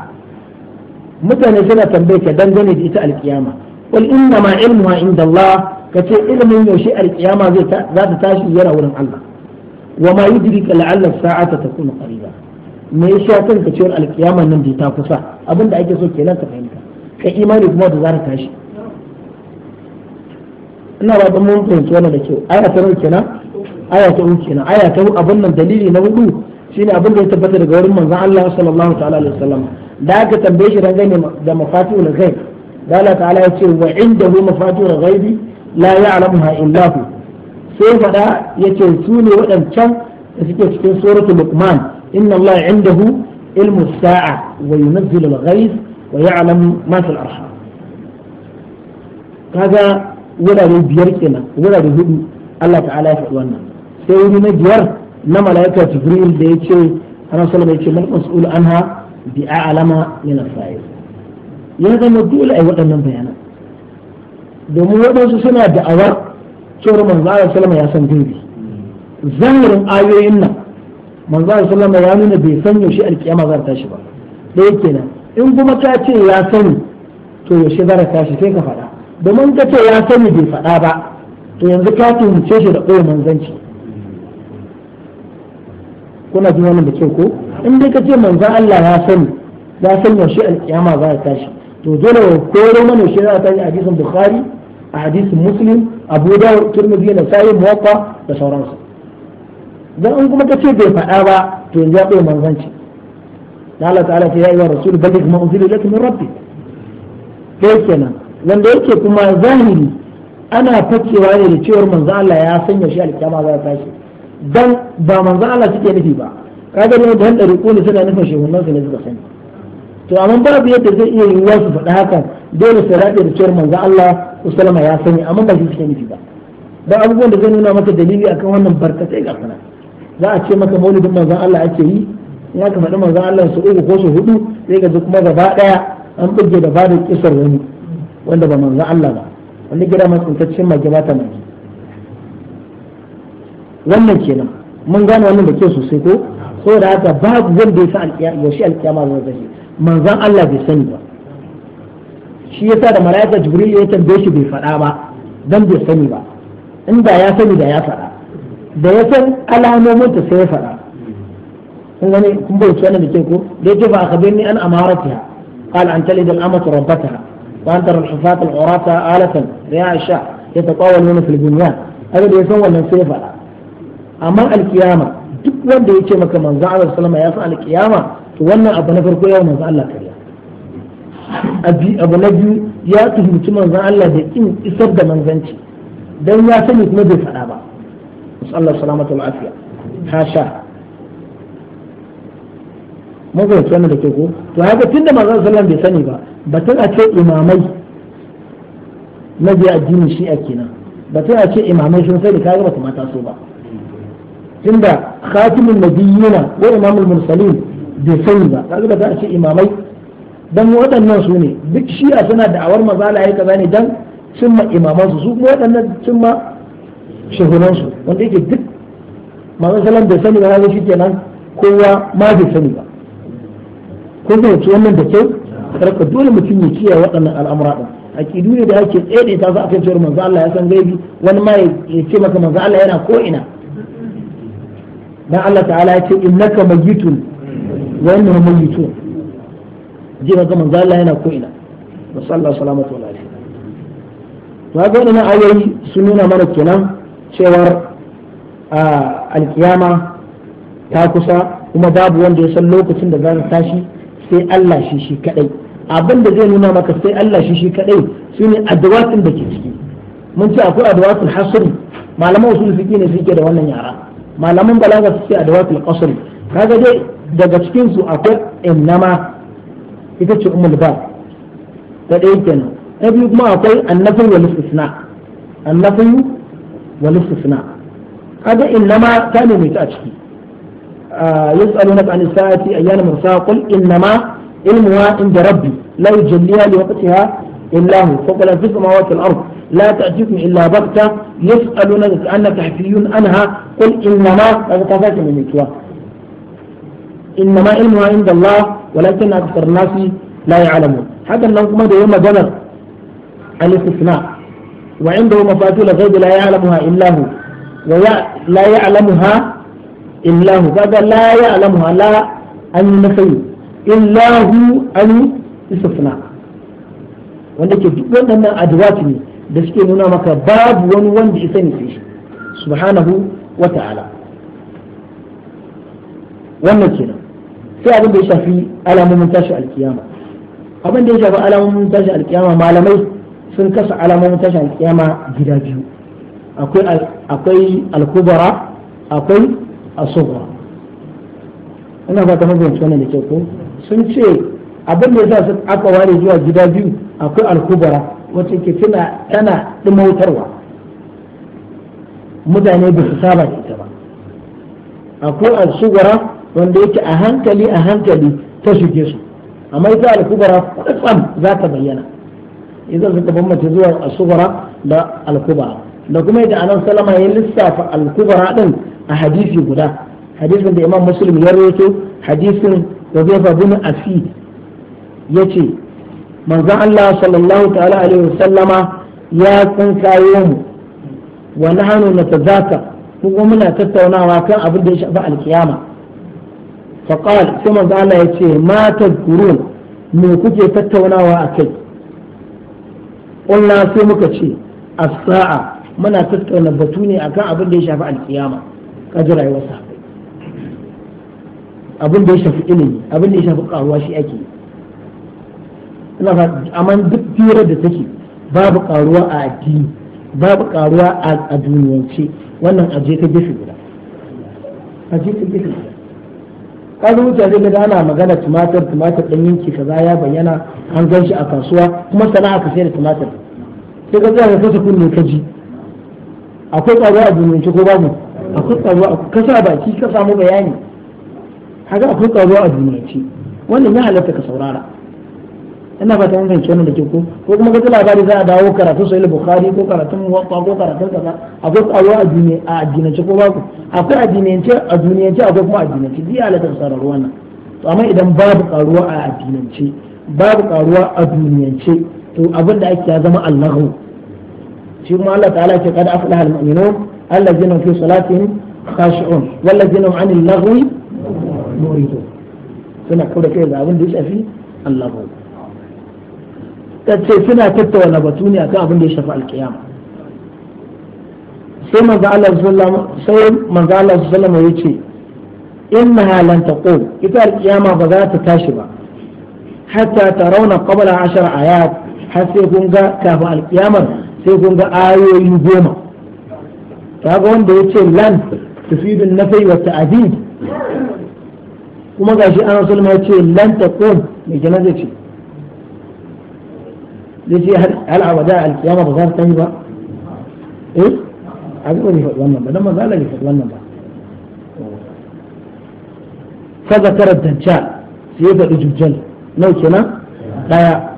mutane suna tambaye ka dangane da ita alkiyama qul inna ma ilmuha inda Allah ka ce ilimin yaushe alkiyama zai za ta tashi yana wurin Allah wa ma yudrika la'alla sa'ata takunu qariba me yasa kan ka cewa alkiyama nan bai ta kusa abinda ake so kenan ka fahimta kai imani kuma da za ta tashi ina ba da mun fahimci wannan da kyau aya ta rauke na aya ta uku kenan aya ta abin nan dalili na hudu shine abin da ya tabbata daga wurin manzon Allah sallallahu ta'ala alaihi wasallam da aka tambaye shi dangane da mafatihul ghaib da Allah ta'ala ya ce wa indahu mafatihul ghaibi la ya'lamuha illa hu sai fada yace su ne waɗancan da suke cikin suratul luqman inna allaha indahu ilmu sa'a wa yunzilu al-ghayth wa ya'lamu ma fil arham kaga wurare biyar kenan wurare hudu Allah ta'ala ya faɗi wannan sai wuri na biyar na malaika jibril da yace ana sallama yace mal mas'ul anha bi a'lama min as-sa'il ya zama dole ai waɗannan bayanan domin waɗansu suna da'awar cewar manzo Allah sallama ya san gaibi zahirin ayoyin nan manzo Allah sallama ya nuna bai san yaushe alkiyama za ta tashi ba dai kenan in kuma ka ce ya sani to yaushe za ta tashi sai ka faɗa domin ka ce ya sani bai faɗa ba to yanzu ka tunce shi da ɓoye manzanci kuna ji wannan da kyau ko in dai ka ce manzo Allah ya sani ya san yaushe alkiyama za ta tashi to dole ya koro mana shari'a za ta yi hadisin bukhari a hadisin muslim abu dawud turmizi na sayi muwaffa da sauransu dan in kuma kace bai faɗa ba to yanzu ya bai manzanci da Allah ta'ala ta yi wa rasul balligh ma unzila ilayka min rabbik kai kenan wanda yake kuma zahiri ana fakewa ne da cewar manzo Allah ya sanya shi alkiyama za ta tashi dan ba manzo Allah suke nufi ba kaga ne dan ɗari ne suna nufin shehunan ne suka sanya. to amma babu yadda zai iya yiwuwa su faɗa haka dole su raɗe da cewar manzo Allah sallama ya sani amma ba shi suke nufi ba dan abubuwan da zai nuna maka dalili akan wannan barkatai ga sana za a ce maka maulidin manzan Allah ake yi in aka faɗi manzon Allah su uku ko su hudu sai ka kuma gaba daya an buge da bada kisar wani wanda ba manzon Allah ba wani gida mai tsintaccen mai gabata mai wannan kenan mun gane wannan da ke sosai ko saboda haka babu wanda ya sa alƙiyama yaushe alƙiyama zai zai manzon Allah bai sani ba shi yasa da mala'ika jibril ya tambaye shi bai faɗa ba dan bai sani ba inda ya sani da ya faɗa da ya san alamomin ta sai ya faɗa kun gane kun bai wannan da ke ko da yake fa akhbirni an amaratiha qala an talid al amatu rabbataha wa an tara al hufat al urata alatan ri'a sha yataqawaluna fil bunyan haka da ya san wannan sai ya faɗa amma alkiyama duk wanda ya ce maka manzo Allah ya san alkiyama to wannan abu na farko yawa manzo Allah kariya abu na biyu ya tuhumci manzon Allah da kin isar da manzanci dan ya sani kuma bai faɗa ba Allah salamata wa afiya hasha mun fahimci wannan da ke ko to haka tunda manzon sallallahu bai sani ba batun a ce imamai na biya addinin shi'a kenan batun a ce imamai sun sai da kaga ba ta so ba tunda khatimin nabiyina wa imamul mursalin bai sani ba ka zuba za a ce imamai dan waɗannan su ne duk shi'a suna da awar mazala ya kaza ne dan cimma imaman su su kuma waɗannan cimma shahunan su wanda yake duk mazan bai sani ba kaga nan kowa ma bai sani ba ko zai ci wannan da kyau karka dole mutum ya kiyaye waɗannan al'amura a aqidu ne da ake tsede ta za a kan cewar manzo Allah ya san gaibi wani ma ya ce maka manzo Allah yana ko ina dan Allah ta'ala ya ce innaka mayyitun wa'annan hum mayyitun ji ga manzo Allah yana ko ina sallallahu salamatu wa lafiya to ga wannan ayoyi sun nuna mana kenan cewar alkiyama ta kusa kuma babu wanda ya san lokacin da za ta tashi sai Allah shi shi kadai abin da zai nuna maka sai Allah shi shi kadai shine addu'atin da ke ciki mun ce akwai addu'atul hasr malaman usul fiqi ne suke da wannan yara malaman balaga suke addu'atul qasr kaga dai daga cikin su akwai innama ita ce ummul ba ta ɗaya kenan ta biyu kuma akwai annafin wal istisna annafin wal istisna kaga innama ta ne ta a ciki yas'alunaka an sa'ati ayyana mursa qul innama ilmuha inda rabbi la yujalliha li waqtiha illa hu faqala fi samawati wal ardh لا تأتيكم إلا بغتة يسألونك كأنك حفي عنها قل إنما هذا تفاكم من innama ilmuha inda Allah walakin akthar nasi la ya'lamun hakan nan kuma da yayin maganar al-istisna wa indahu mafatihul ghaib la ya'lamuha illa hu wa la ya'lamuha illa hu kaga la ya'lamuha la an nafi illa hu an istisna wanda ke duk waɗannan adwat ne da suke nuna maka babu wani wanda subhanahu wa wannan kenan sai abin da ya shafi alamomin tashi alkiyama abin da ya shafi alamomin tashi alkiyama malamai sun kasa alamomin tashi alkiyama gida biyu akwai alkubara akwai asubara ina ta mabiyanci wannan da kyau ko sun ce abin da ya sa aka ware zuwa gida biyu akwai alkubara wacce ke tana tana dimautarwa mutane ba su saba da ita ba akwai alsugara wanda yake a hankali a hankali ta shige su amma ita al-kubra kwatsam za ta bayyana idan suka bambance zuwa al-kubra da al-kubra da kuma yadda anan salama ya lissafa al-kubra din a hadisi guda hadisin da imam muslim ya rawaito hadisin Hudayfa bin Asid yace manzo Allah sallallahu ta'ala alaihi wasallama ya san kayo mu wa nahnu natazaka kuma muna tattaunawa kan abin da ya shafi alkiyama Faƙar al'ummar zanaya ce matan gurin me kuke tattaunawa a kai kuma sai muka ci a sa'a muna tattaunawa batuniya a kan abin da ya abin da ya shafi ilimi abin da ya shafi ƙaruwar shi ake yi kuma duk fiye da ta ke ba a aji ba ba ƙaruwar a duniyarci wannan aje ka gafi guda aje ka gafi guda. ka zo wuce zai ga ana magana tumatir tumatir ɗan yanki kaza ya bayyana an gan shi a kasuwa kuma sana'a ka sayar da tumatir sai ka zai ka kasa kunne ka akwai tsaro a duniya ko babu akwai tsaro a sa baki ka samu bayani haka akwai tsaro a duniyance wannan ya halatta ka saurara ina ba ta fahimci wannan da ke ko ko kuma ga labari za a dawo karatu sahih bukhari ko karatun muwatta ko karatun kaza akwai tsaro a duniya a addinance ko babu akwai addinance a duniyance akwai kuma addinance bi alatar sarar wannan to amma idan babu karuwa a addinance babu karuwa a duniyance to abin da ake ya zama allahu shi kuma Allah ta'ala ce kada aflaha almu'minun allazina fi salatihim khashi'un wallazina anil laghwi muridun suna kauda kai da abin da ya shafi allahu ta ce suna tattauna batu ne akan abin da ya shafi alkiyama sai manzo Allah sallallahu sai manzo Allah sallallahu ya ce innaha lan taqum ita alkiyama ba za ta tashi ba hatta tarawna qabla 10 ayat har sai kun ga kafin alkiyamar sai kun ga ayoyi goma kaga wanda ya ce lan tufidun nafai wa ta'did kuma gashi an sallama ya ce lan taqum me kenan zai ce zai ce hal abada alkiyama ba za ta yi ba eh abin ba bai faɗi wannan ba dan manzo Allah bai faɗi wannan ba fa zakara dajjal sai ya faɗi dajjal nau kenan daya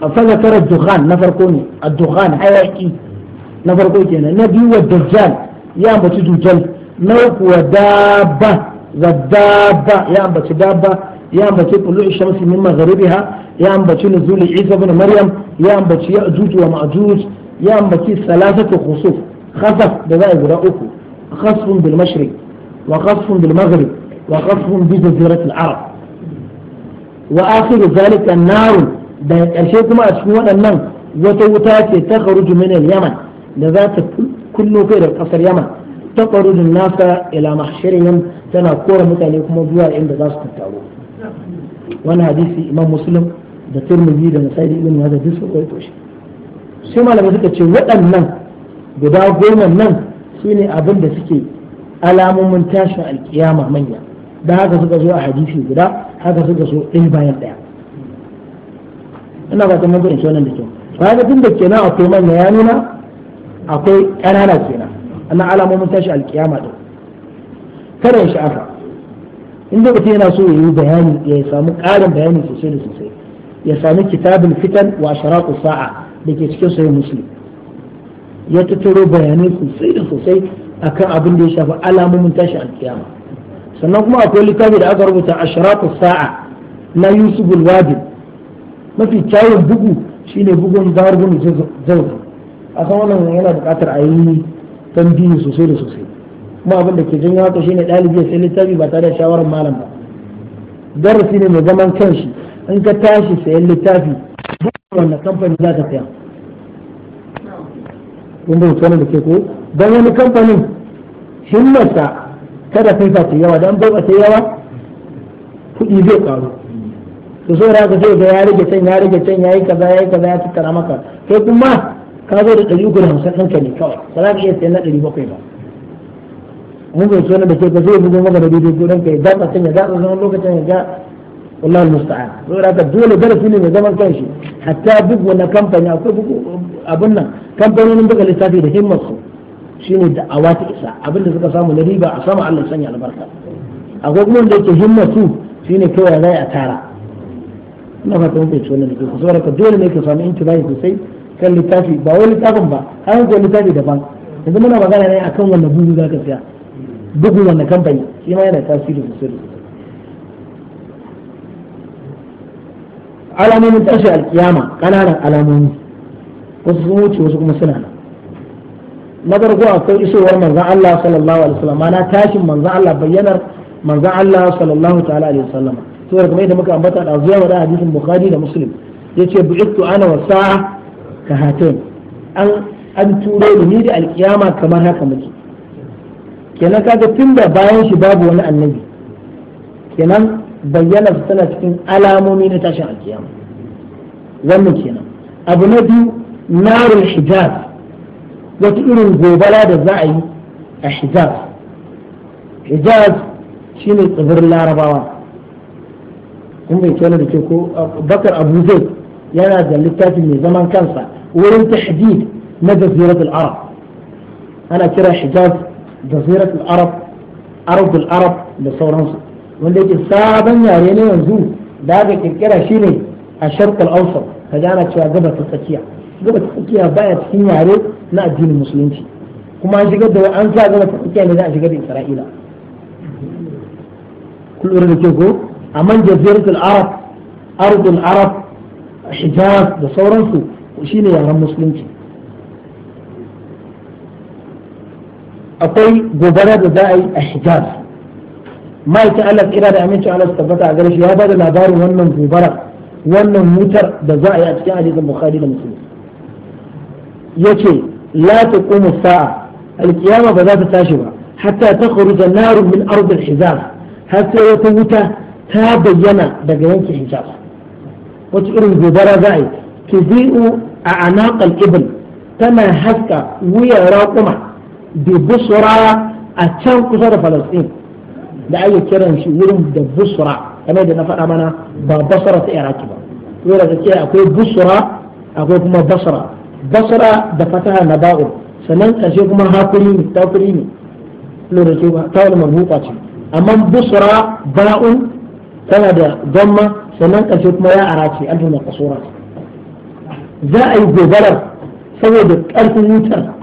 fa zakara dukhan na farko ne ad-dukhan hayaki na farko kenan na biyu wa dajjal ya ambaci dajjal na uku wa dabba wa dabba ya ambaci dabba يا بتي طلوع الشمس من مغربها يام بتي نزول عيسى بن مريم يام بتي يأجوج ومأجوج يام بتي ثلاثة خصوف خصف بذائب رأوكو خصف بالمشرق وخصف بالمغرب وخصف بجزيرة العرب وآخر ذلك النار ما أشكوان النار وتوتاك تخرج من اليمن لذات كل خير قصر اليمن تخرج الناس إلى محشرهم تنقر مثاليكم وزوال عند ناس التعروف wani hadisi imam muslim da turmi da nasari ibn hada duk sun rawaito shi sai malamai suka ce waɗannan guda goma nan su ne abin da suke alamomin tashin alkiyama manya da haka suka zo a hadisi guda haka suka zo ɗaya bayan ɗaya ina ba mun mafi in wannan da kyau bayan tun da kenan akwai manya ya nuna akwai ƙanana kenan ana alamomin tashin alkiyama ɗin kare ya sha'afa in da mutum yana so ya yi bayani ya samu ƙarin bayani sosai da sosai ya sami kitabin fitan wa sharaqu sa'a da ke cikin sahih muslim ya tattaro bayanai sosai da sosai akan abin da ya shafi alamomin tashi alkiyama sannan kuma akwai littafi da aka rubuta ashraqu sa'a na yusuf al mafi kyawun bugu shine bugun zarbun jawzi a san wannan yana buƙatar a yi tambiyi sosai da sosai kuma abin da ke janyo haka shine ɗalibi ya sai littafi ba tare da shawarar malam ba darasi ne mai zaman kanshi in ka tashi sayan littafi duk wanda kamfani za ka saya kun bai tsoron da ke ko don wani kamfanin himmarsa kada fifa ta yawa don bai ta yawa kuɗi zai ƙaru to so da haka sai ga ya rage can ya rage can ya yi kaza ya yi kaza ya tattara maka kai kuma ka zo da ɗari uku da hamsin ɗinka ne kawai ba za ka iya sayan na ɗari bakwai ba mun bai so da ke ka zai bugo maka da ko gurin ka ya gatsa can ya gatsa zaman lokacin ya ga Allah musta'an zai haka dole darasi ne mai zaman kanshi hatta duk wani kamfani akwai bugu abin nan kamfanonin buga lissafi da himmar su shine da ta isa abin da suka samu na riba a sama Allah sanya albarka akwai kuma da yake himmar su shine kawai zai a tara ina fata mun bai so da ke saboda haka dole ne ka samu intibahi sosai kan littafi ba wani littafin ba har ko littafi daban yanzu muna magana ne akan buru bugu ka siya bugun wannan kamfani shi ma yana tasiri sosai alamomin tashi alkiyama kananan alamomi wasu sun wuce wasu kuma suna nan na farko akwai isowar manzan Allah sallallahu alaihi wasallam mana tashin manzan Allah bayyanar manzan Allah sallallahu ta'ala alaihi wasallam to da kuma yadda muka ambata da zuwa da hadisin bukhari da muslim yace bu'ittu ana wa sa'a ka hatin an an turo ni da alkiyama kamar haka muke kenan kaga tun da bayan shi babu wani annabi kenan bayyana tana cikin alamomi na tashin alkiyama wannan kenan abu na biyu narin hijaz wata irin gobara da za a yi a hijaz hijaz shine tsibirin larabawa kun bai kyau da ke ko bakar abu zai yana da littafi mai zaman kansa wurin tahdid na jaziratul arab ana kira hijaz jaziratul arab arabul arab da sauransu wanda yake sabon yare ne yanzu da aka kirkira shine a sharqal awsat ka gana cewa gaba ta tsakiya gaba ta tsakiya baya cikin yare na addinin musulunci kuma an shigar da an sa gaba ta tsakiya ne za a shigar da isra'ila kullum da ke ko amma jaziratul arab ardul arab hijaz da sauransu shine yaren musulunci akwai gobara da za a yi a hijaz ma'aikin allah tsira da aminci allah su tabbata a gare shi ya bada labarin wannan gobara wannan wutar da za a yi a cikin hadisin bukhari da muslim yace la taqumu sa'a alkiyama ba za ta tashi ba hatta takhruja narun min ardi al-hijaz har sai wata wuta ta bayyana daga yankin hijaz wata irin gobara za a yi tuzi'u a anaqal ibn tana haska wuyan raƙuma Da busura a can kusa da falastin da ake kiran shi wurin da busura kamar da na faɗa mana ba basara ta iraki ba wanda ta akwai busura akwai kuma basara basara da fataha na ba'u sannan kashe kuma hakuri ne takuri ne lura ce ba ta wani mabuka ce amma busura ba'un tana da gamma sannan kashe kuma ya arace an tuna kasura za a yi gobarar saboda ƙarfin wutar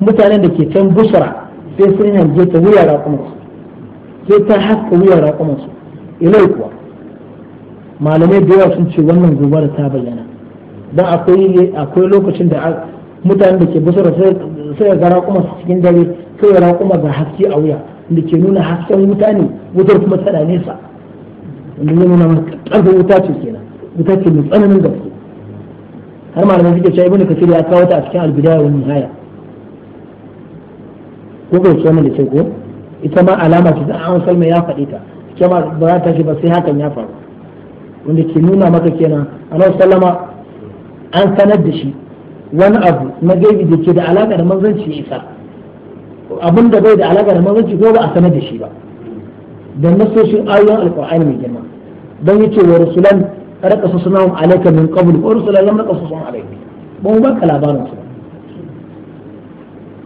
mutanen da ke can busra sai sun hange ta wuya raƙumansu sai ta haska wuya raƙumansu ilai kuwa malamai da yawa sun ce wannan gobara ta bayyana don akwai lokacin da mutanen da ke busra sai ga raƙumansu cikin dare kawai raƙuma ga haske a wuya da ke nuna hasken wuta ne wutar kuma tana nesa wanda zai nuna ƙarfin wuta ce kenan wuta ce mai tsananin gaske har malamai suke cewa ibnu kasir ya kawo ta a cikin albidaya wani nihaya ko bai so da ke ko ita ma alama ce da an salma ya faɗi ta ita ma ba za ta shi ba sai hakan ya faru wanda ke nuna maka kenan annabi Salama an sanar da shi wani abu na gaibi da ke da alaƙa da manzanci ya isa abin da bai da alaƙa da manzanci ko ba a sanar da shi ba da nasoshin ayoyin alƙur'ani mai girma don yace wa rasulan raqasu sunahum alayka min qabl wa rasulan lam raqasu sunahum alayka ba mu baka labarin su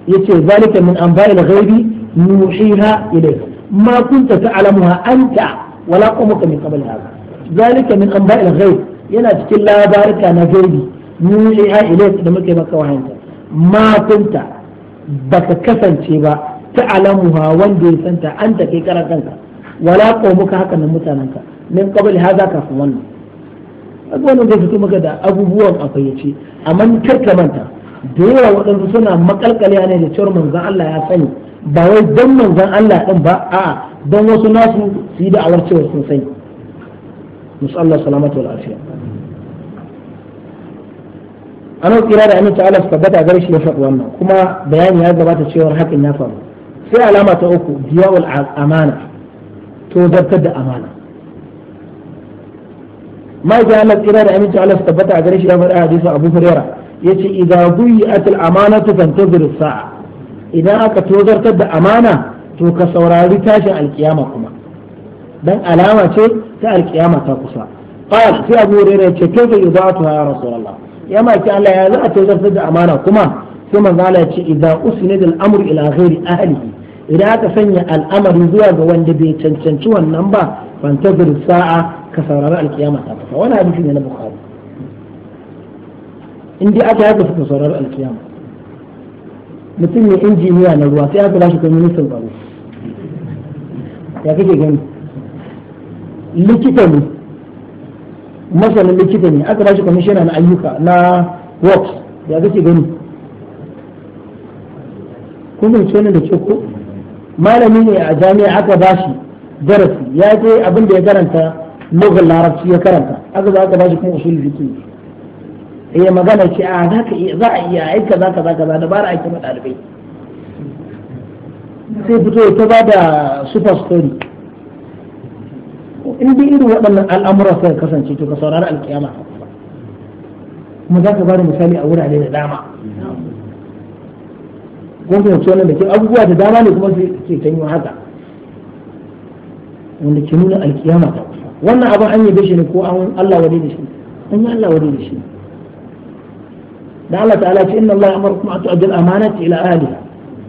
yace zalika min anba'il ghaibi nuhiha ilayka ma kunta ta'lamuha anta wala qawmuka min qabl hadha zalika min anba'il ghaib yana cikin labarka na gaibi nuhiha ilayka da muke maka wahayinta ma kunta baka kasance ba ta'lamuha wanda ya santa anta kai karan kanka wala qawmuka haka nan mutananka min qabl hadha kafin wannan wannan zai fito maka da abubuwan a fayyace amma kar ka manta da yawa waɗansu suna makalkale ne da cewar manzan Allah ya sani ba wai don manzan Allah din ba a don wasu nasu su yi da'awar cewa sun sani musallar salamatu lafiya an hau kira da aminta Allah su tabbata gare shi ya faɗi wannan kuma bayani ya gabata cewar hakan ya faru sai alama ta uku jiyawul amana to zartar da amana ما ya Allah kira da aminta Allah su tabbata gare shi ya faɗi Ya ce yace atil buyi'atil ta fantazir sa'a idan aka tozartar da amana to ka saurari tashin alkiyama kuma dan alama ce ta alkiyama ta kusa qal sai abu hurairah yace kaifa yudatu ya rasulullah ya maki Allah ya za a tozartar da amana kuma sai manzo Allah yace idza usnida al-amru ila ghairi ahlihi idan aka sanya al'amari zuwa ga wanda bai cancanci wannan ba fantazir sa'a ka saurari alkiyama ta kusa wannan hadisi ne na bukhari in dai aka yaka suka saurari alkiyam mutum ne injiniya na ruwa sai aka lashe kuma ministan tsaro ya kake gani likita ne masanin likita ne aka lashe kwamishina na ayyuka na works ya kake gani kun fahimci wannan da ke ko malami ne a jami'a aka shi darasi ya je abin da ya karanta lugar larabci ya karanta aka za aka bashi kuma usul fiqh eh magana ce a ah, za ka iya za a iya aika za ka za ka za da bara ake ma ɗalibai sai fito ta ba da super story in dai irin waɗannan al'amura suka kasance to ka saurari alkiyama kuma za ka ba da misali a wurare da dama gwamnati wannan da ke abubuwa da dama ne kuma ke canyo haka wanda ke nuna alkiyama ta wannan abin an yi da ne ko an Allah wadai da shi an yi Allah wadai da shi ne. da Allah ta'ala ce inna Allah amarukum an tu'addu al-amanati ila ahliha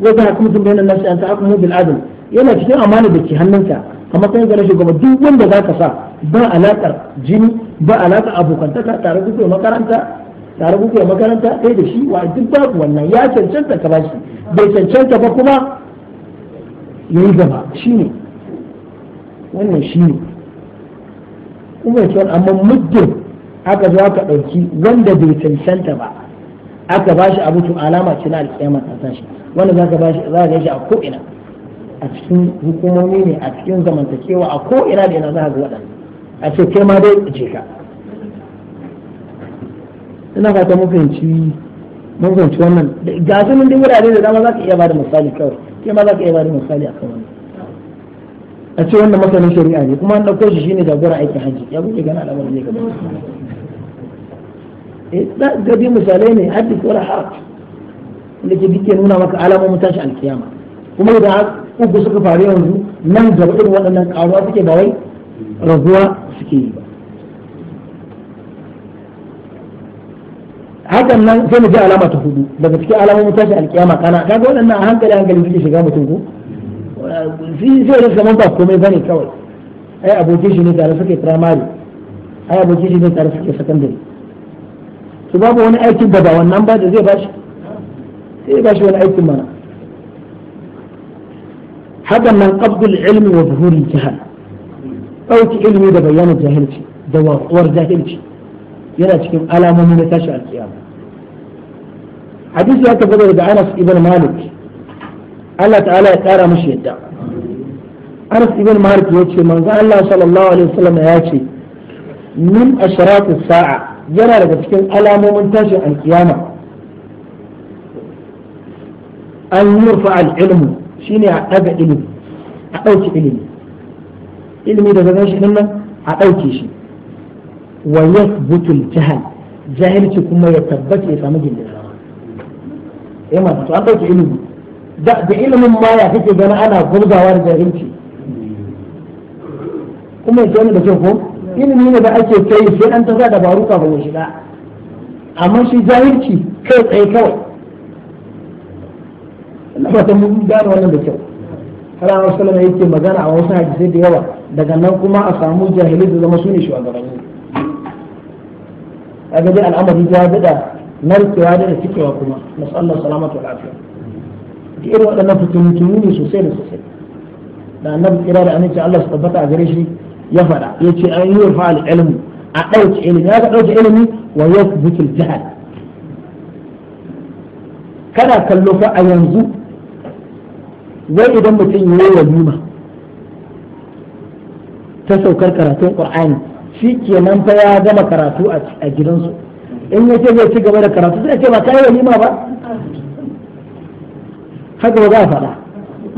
wa tahkumu bainan nasi an tahkumu bil adl yana cikin amana da ke hannunka kamar kai ga gare shugaba duk wanda zaka sa ba alakar jini ba alakar abokantaka tare kuke makaranta tare kuke makaranta kai da shi wa duk babu wannan ya cancanta ka bashi bai cancanta ba kuma yayi gaba shine wannan shine kuma yace amma muddin aka zo aka ɗauki wanda bai cancanta ba aka ba shi abu to alama ce na alƙiyama ta tashi wanda za ka ba shi za ka shi a ko'ina a cikin hukumomi ne a cikin zamantakewa a ko'ina da yana za ka ga waɗannan a ce kai ma dai je ka ina fata mun fahimci mun fahimci wannan ga su mun dai wurare da dama za ka iya ba da misali kawai kai ma za ka iya ba da misali a kan wannan a ce wannan masanin shari'a ne kuma an ɗauko shi shine jagoran aikin hajji ya buɗe gana al'amarin ne gaba Eh, gabi misalai ne haddi ko haka da ke ke nuna maka alamomin tashi alkiyama kuma da uku suka faru yanzu nan gaba irin waɗannan ƙaruwa suke ba wai raguwa suke yi ba hakan nan sai mu ji alama ta hudu daga cikin alamomin tashi alkiyama kana kaga waɗannan a hankali hankali suke shiga mutum ko sai zai rasa man ba komai bane kawai ai abokin shi ne tare suke primary ai abokin shi ne tare suke secondary su babu wani aikin da ba wannan ba da zai bashi sai bashi wani aikin mana hakan nan qabdul ilmi wa zuhurul jahal dauki ilmi da bayyana jahilci da wakwar jahilci yana cikin alamomi na tashi alkiyama hadisi ya tabbata daga Anas ibn Malik Allah ta'ala ya kara mashi yadda Anas ibn Malik ya ce manzo Allah sallallahu alaihi wasallam ya ce min ashratu sa'a yana daga cikin alamomin tashin alkiyama an yurfa al'ilmu shi ne a daga ilimi a ɗauki ilimi ilimi daga zan shi nan a ɗauke shi wa yasbutul jahal jahilci kuma ya tabbata ya samu gindin zama eh ma to an ɗauke ilimi da ilimin ma ya kake gani ana gurgawa da jahilci kuma ya da kyau ko ilimi ne da ake kai sai an ta sa dabaru ba ya shiga amma shi jahilci kai tsaye kawai na fata mun gane wannan da kyau har an wasu yake magana a wasu hadisai da yawa daga nan kuma a samu jahilai da zama su ne shugabanni a gaji al'amari ya daɗa narkewa da cikewa kuma na tsallon salamatu wa lafiya da irin waɗannan fitintunu ne sosai da sosai da annabi kira da aminci Allah su tabbata a gare shi ya faɗa ya ce an yi fa al a ɗauki ilimi ya ka ɗauke ilimi wa yasbutu kana kallo fa a yanzu wai idan mutum ya yi walima ta saukar karatun qur'ani shi kenan fa ya gama karatu a gidansu in ya ce zai ci gaba da karatu sai ya ce ba ka yi walima ba haka ba za a faɗa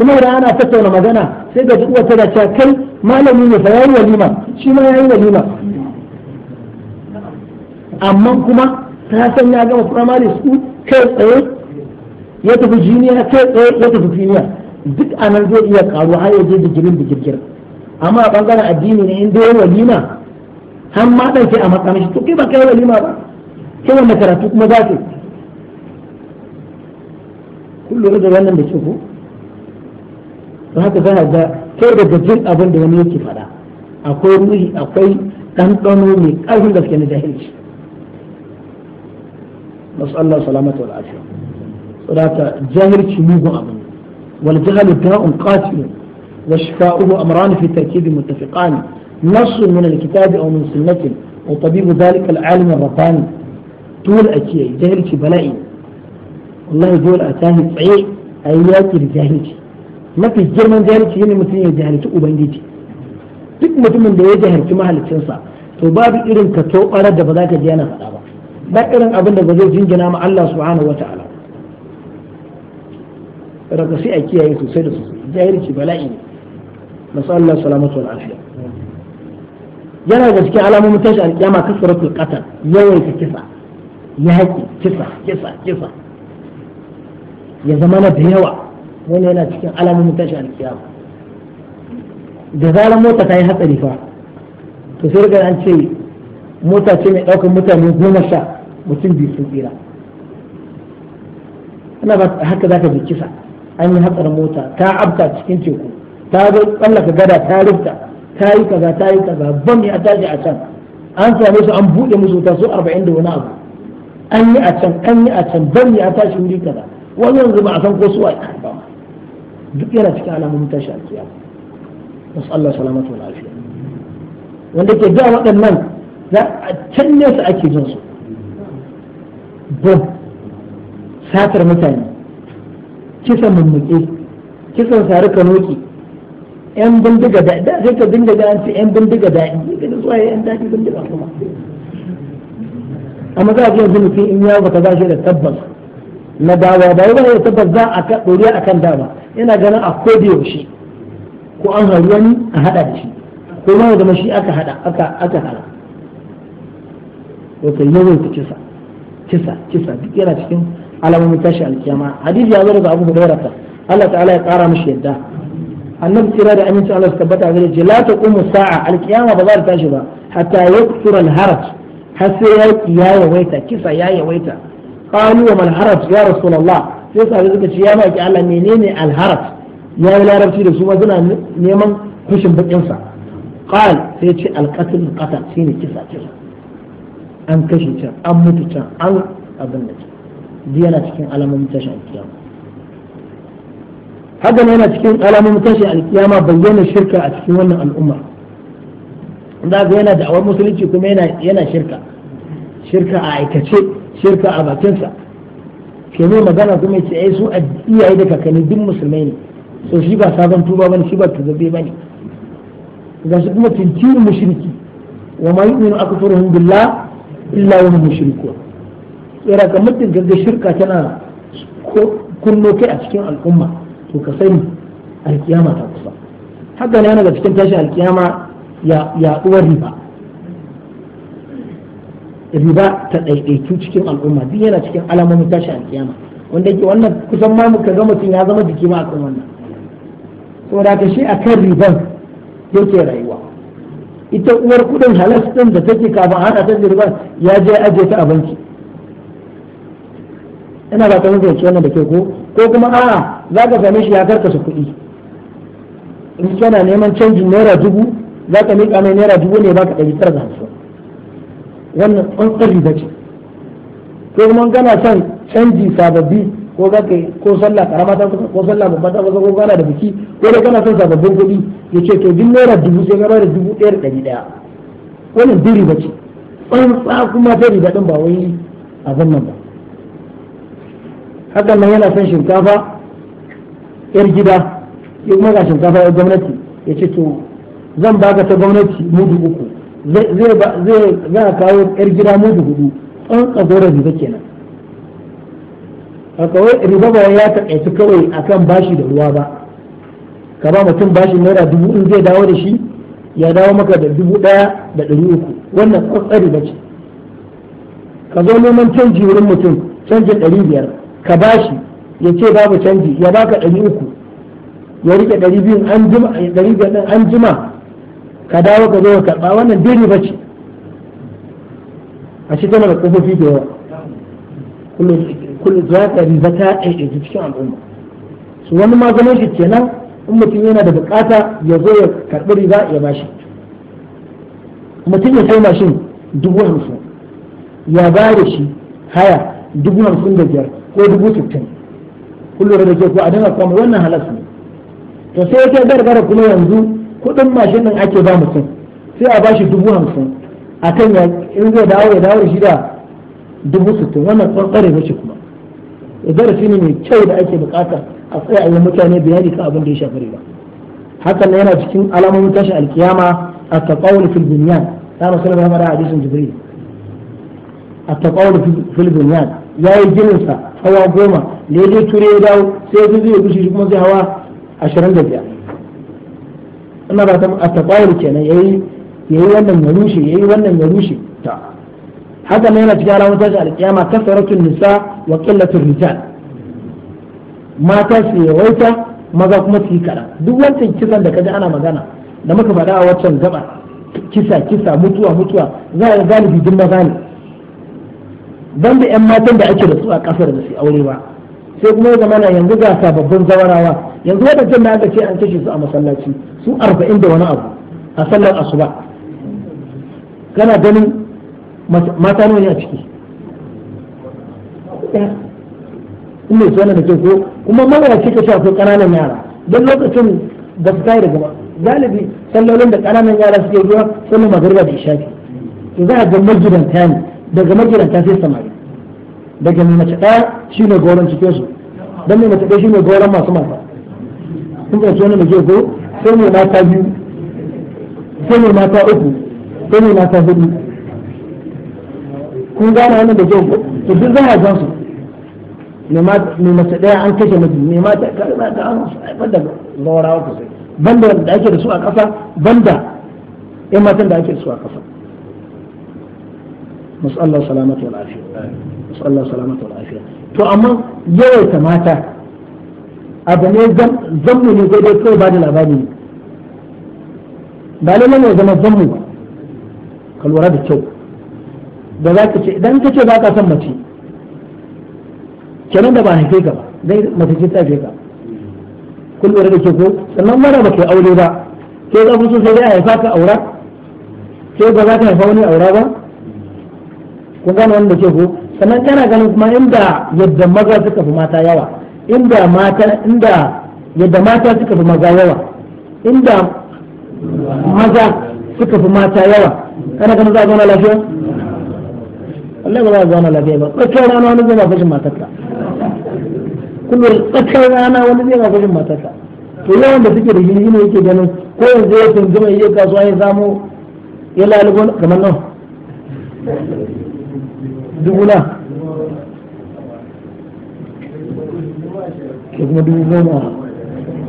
kuma idan ana tattauna magana sai ga duk wata da kai malami ne fa yayi walima shi ma yayi walima amma kuma ta san ya gama primary school kai tsaye ya tafi junior kai tsaye ya tafi senior duk anan zai iya karu har ya je digirin digirgir amma a bangaren addini ne in dai walima har ma dan sai a makamashi to kai ba kai walima ba kai wannan karatu kuma za ka kullu da wannan da ke ko don haka za ga kai daga jin abin da wani yake faɗa akwai ruhi akwai ɗanɗano mai ƙarfin gaske na jahilci masu Allah salamata wal afiya saboda jahilci mugun abin wal jahalu da'un qatilun wa shifa'uhu amran fi tarkibi muttafiqan نص من الكتاب أو من سنة وطبيب ذلك العالم الرباني طول أكيه جاهلك بلائي والله دول أتاه صعي أياتي لجاهلك mafi girman jahilci ne mutum ya jahilci ubangiji duk mutumin da ya jahilci mahalicinsa to babu irin ka ɓarar da ba za ka ji yana faɗa ba ba irin abin da ba zai jingina ma Allah subhanahu wa ta'ala sai a kiyaye sosai da sosai jahilci bala'i ne nasu Allah salamatu wal yana da cikin alamomin tashi alƙiyama kasaratul qatl yawaita kisa yaƙi kisa kisa kisa ya zama na da yawa wani yana cikin alamomin tashin alkiyama da zarar mota ta yi hatsari fa to sai daga an ce mota ce mai ɗaukar mutane goma sha mutum biyu sun tsira ana ba haka za ka ji kisa an yi hatsarin mota ta abta cikin teku ta zo tsallaka gada ta rufta ta yi kaza ta yi kaza ban ya tashi a can an same su an buɗe musu ta so arba'in da wani abu an yi a can an yi a can ban ya tashi wuri kaza wani yanzu ba a san ko suwa ba بإرث كان ممتشا يعني. نسأل الله سلامة والعافية وندك جاء وقت من لا تنس أكي جنسو بب ساتر متاني كيف من مكي كيف من سارك نوكي أم بندقة دا دا زيك بندقة أنت أم بندقة دا يمكن نسوها هي أم داكي بندقة أما ذا أكي أنزم في إمياء وتباشر التبص لا دعوة دعوة هي تبص ذا أكا قولي أكا دعوة yana ganin a koda yaushe ko an haru wani a hada da shi ko ma zama shi aka hada aka aka hada to kai ne kisa kisa kisa duk yana cikin alamomin tashi alkiyama hadisi ya zo daga Abu Hurairah Allah ta'ala ya kara mishi yadda annabi kira da aminci Allah tabbata gare ji la ta qumu sa'a alkiyama ba za ta tashi ba hatta yaktura alharaj har sai ya yawaita kisa ya yawaita qalu wa mal haraj ya rasulullah sai sahabi suka ce ya baki Allah menene alharaf ya yi larabci da su ma suna neman kushin bakin sa qal sai ce alqatl qatl shine kisa kisa an kashe can an mutu can an abin da duk yana cikin alamomin tashin alkiyama hakan yana cikin alamomin tashin alkiyama bayyana shirka a cikin wannan al'umma da ga yana da'awar musulunci kuma yana shirka shirka a aikace shirka a bakinsa ke mai magana kuma ya ce ai su iyaye da kakanni duk musulmai ne so shi ba sabon tuba bane shi ba tuzabe bane ga shi kuma tintir mushriki wa ma yu'minu aktharuhum billah illa wa hum mushrikun tsira ka mutum gaggar shirka tana kunno kai a cikin al'umma to ka sani alkiyama ta kusa haka ne yana ga cikin tashin alkiyama ya yaduwar riba riba ta ɗaiɗaitu cikin al'umma duk yana cikin alamomin tashi alƙiyama wanda ke wannan kusan ma muka ga mutum ya zama jiki ma akan wannan saboda ka shi akan riban yake rayuwa ita uwar kuɗin halas din da take kafin a hada ta riban ya je aje ta a banki ina ba ta mafi wannan da ke ko ko kuma a'a za ka same shi ya karkasa kuɗi in kana neman canjin naira dubu za ka miƙa mai naira dubu ne ba ka ɗari tara da hamsin wannan tsantsari riba ce ko kuma gana son canji sababbi ko za ka ko sallah karama ta kusa ko sallah babba ta kusa ko gana da biki ko da gana son sababbin kuɗi ya ce to duk naira dubu sai gaba da dubu ɗaya da ɗari ɗaya wannan diri ba ce tsantsa kuma ta riba ɗin ba wai abin nan ba hakan nan yana son shinkafa yar gida ya kuma ga shinkafa yar gwamnati ya ce to zan baka ta gwamnati mudu uku zai za a kawo yar gida mudu hudu an tsagorar riba kenan a kawai riba ba ya taƙaici kawai akan bashi da ruwa ba ka ba mutum bashi naira dubu in zai dawo da shi ya dawo maka da dubu ɗaya da ɗari uku wannan tsantsar riba ce ka zo neman canji wurin mutum canjin ɗari biyar ka bashi ya ce babu canji ya baka ɗari uku ya rike ɗari biyu an jima biyar an jima ka dawo ka zo ka karba wannan dai ba ce a cikin da kofofi da yawa kullum za ka riba ta ɗaiɗaiki cikin al'umma su wani ma shi kenan in mutum yana da bukata ya zo ya karɓi riba ya bashi mutum ya kai mashin dubu hamsin ya ba da shi haya dubu hamsin da biyar ko dubu sittin kullum da ke ko a dana kwamma wannan halas ne to sai ya kai gargara kuma yanzu kuɗin mashin ake ba mutum sai a bashi dubu hamsin a kan ya in zai dawo ya dawo shi da dubu sittin wannan tsantsare mace kuma kuma darasi ne mai kyau da ake bukata a tsaye a yi mutane bayani kan abin da ya shafi riba hakan yana cikin alamomin tashin alkiyama a taƙawar fil bunyan ta rasu da mara hadisin jibril a taƙawar fil ya yi gininsa hawa goma ne ture ya dawo sai ya zai ya kuma zai hawa ashirin da biyar ina ba ta mu at kenan yayi yayi wannan ya rushe yayi wannan ya rushe ta haka ne yana cikin alamun tashi alkiyama kasaratun nisa wa qillatur rijal mata su yawaita maza kuma su yi duk wancan kisan da kaji ana magana da muka faɗa a waccan gaba kisa kisa mutuwa mutuwa za a galibi duk maza ne ban da yan matan da ake da su a kasar da su aure ba sai kuma ya zama na yanzu ga sababbin zawarawa yanzu wadancan da na ce an kashe su a masallaci su arba'in da wani abu a sallar asuba kana ganin mata ne a ciki in mai tsohon da ke ko kuma mara cika shafi ƙananan yara don lokacin ba su kai daga ba galibi sallolin da ƙananan yara suke zuwa sallar magariba da ishafi to za a ga magidanta ne daga magidanta sai samari daga mai mace ɗaya shi ne goron cikin su don mai mace ɗaya shi ne goron masu mata sun ga wani da zai ko sai mai mata biyu sai mai mata uku sai mai mata hudu kun gane wani da zai go to duk za a gan su mai mace ɗaya an kashe miji mai mata kalma ta an haifar da gaurawa kusa banda da ake da su a ƙasa banda 'yan matan da ake da su a ƙasa masu Allah salamatu wal afiya masu Allah salamatu wal afiya to amma yawaita mata abu ne zammu ne dai kawai ba da labari ne ba lalle ne zama zammu ba ka lura da kyau da za ka ce idan ka ce ba ka son mace kenan da ba haife ka ba dai mace ce ta haife ka kun lura da kyau ko sannan mara ba kai aure ba ke za so sai dai a haifa ka aura ke ba za ka haifa wani aura ba kun gane wanda ke ko sannan kana ganin kuma inda yadda maza suka fi mata yawa inda mata inda yadda mata suka fi maza yawa inda maza suka fi mata yawa kana ganin za a zauna lafiya Allah ba za a zauna lafiya ba tsakiyar rana wani zai ba fashin matarka kuma tsakiyar rana wani zai ba fashin matarka to yawan da suke da gini ne yake ganin ko yanzu ya tunzuma ya kasuwa ya samu ya lalubo kamar nan dubu na ke kuma dubu goma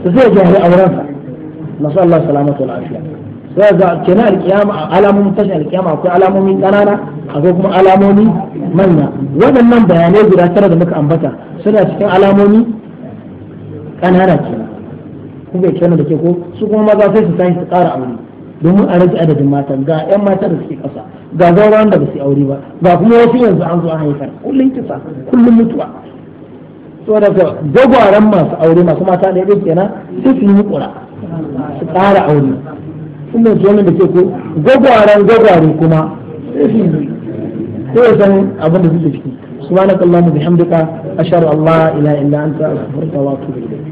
su sai jihar aurensa nasu Allah salamatu lafiya sai ga kenan alkiyama alamomin tashin alkiyama akwai alamomi ƙanana akwai kuma alamomi manya waɗannan bayanai guda tara da muka ambata suna cikin alamomi ƙanana kenan kuka kenan da ke ko su kuma maza sai su tashi su ƙara aure domin a rage adadin matan ga 'yan mata da suke kasa ga zaura da ba su aure ba ga kuma wasu yanzu an zo an haifar kullum kisa kullum mutuwa so da ga gwagwaran masu aure masu mata da yake kenan sai su yi kura su ƙara aure kuma da wannan da ke ko gwagwaran gwagware kuma sai sai san abin da suke ciki subhanakallahumma bihamdika ashhadu an la ilaha illa anta astaghfiruka wa atubu ilayk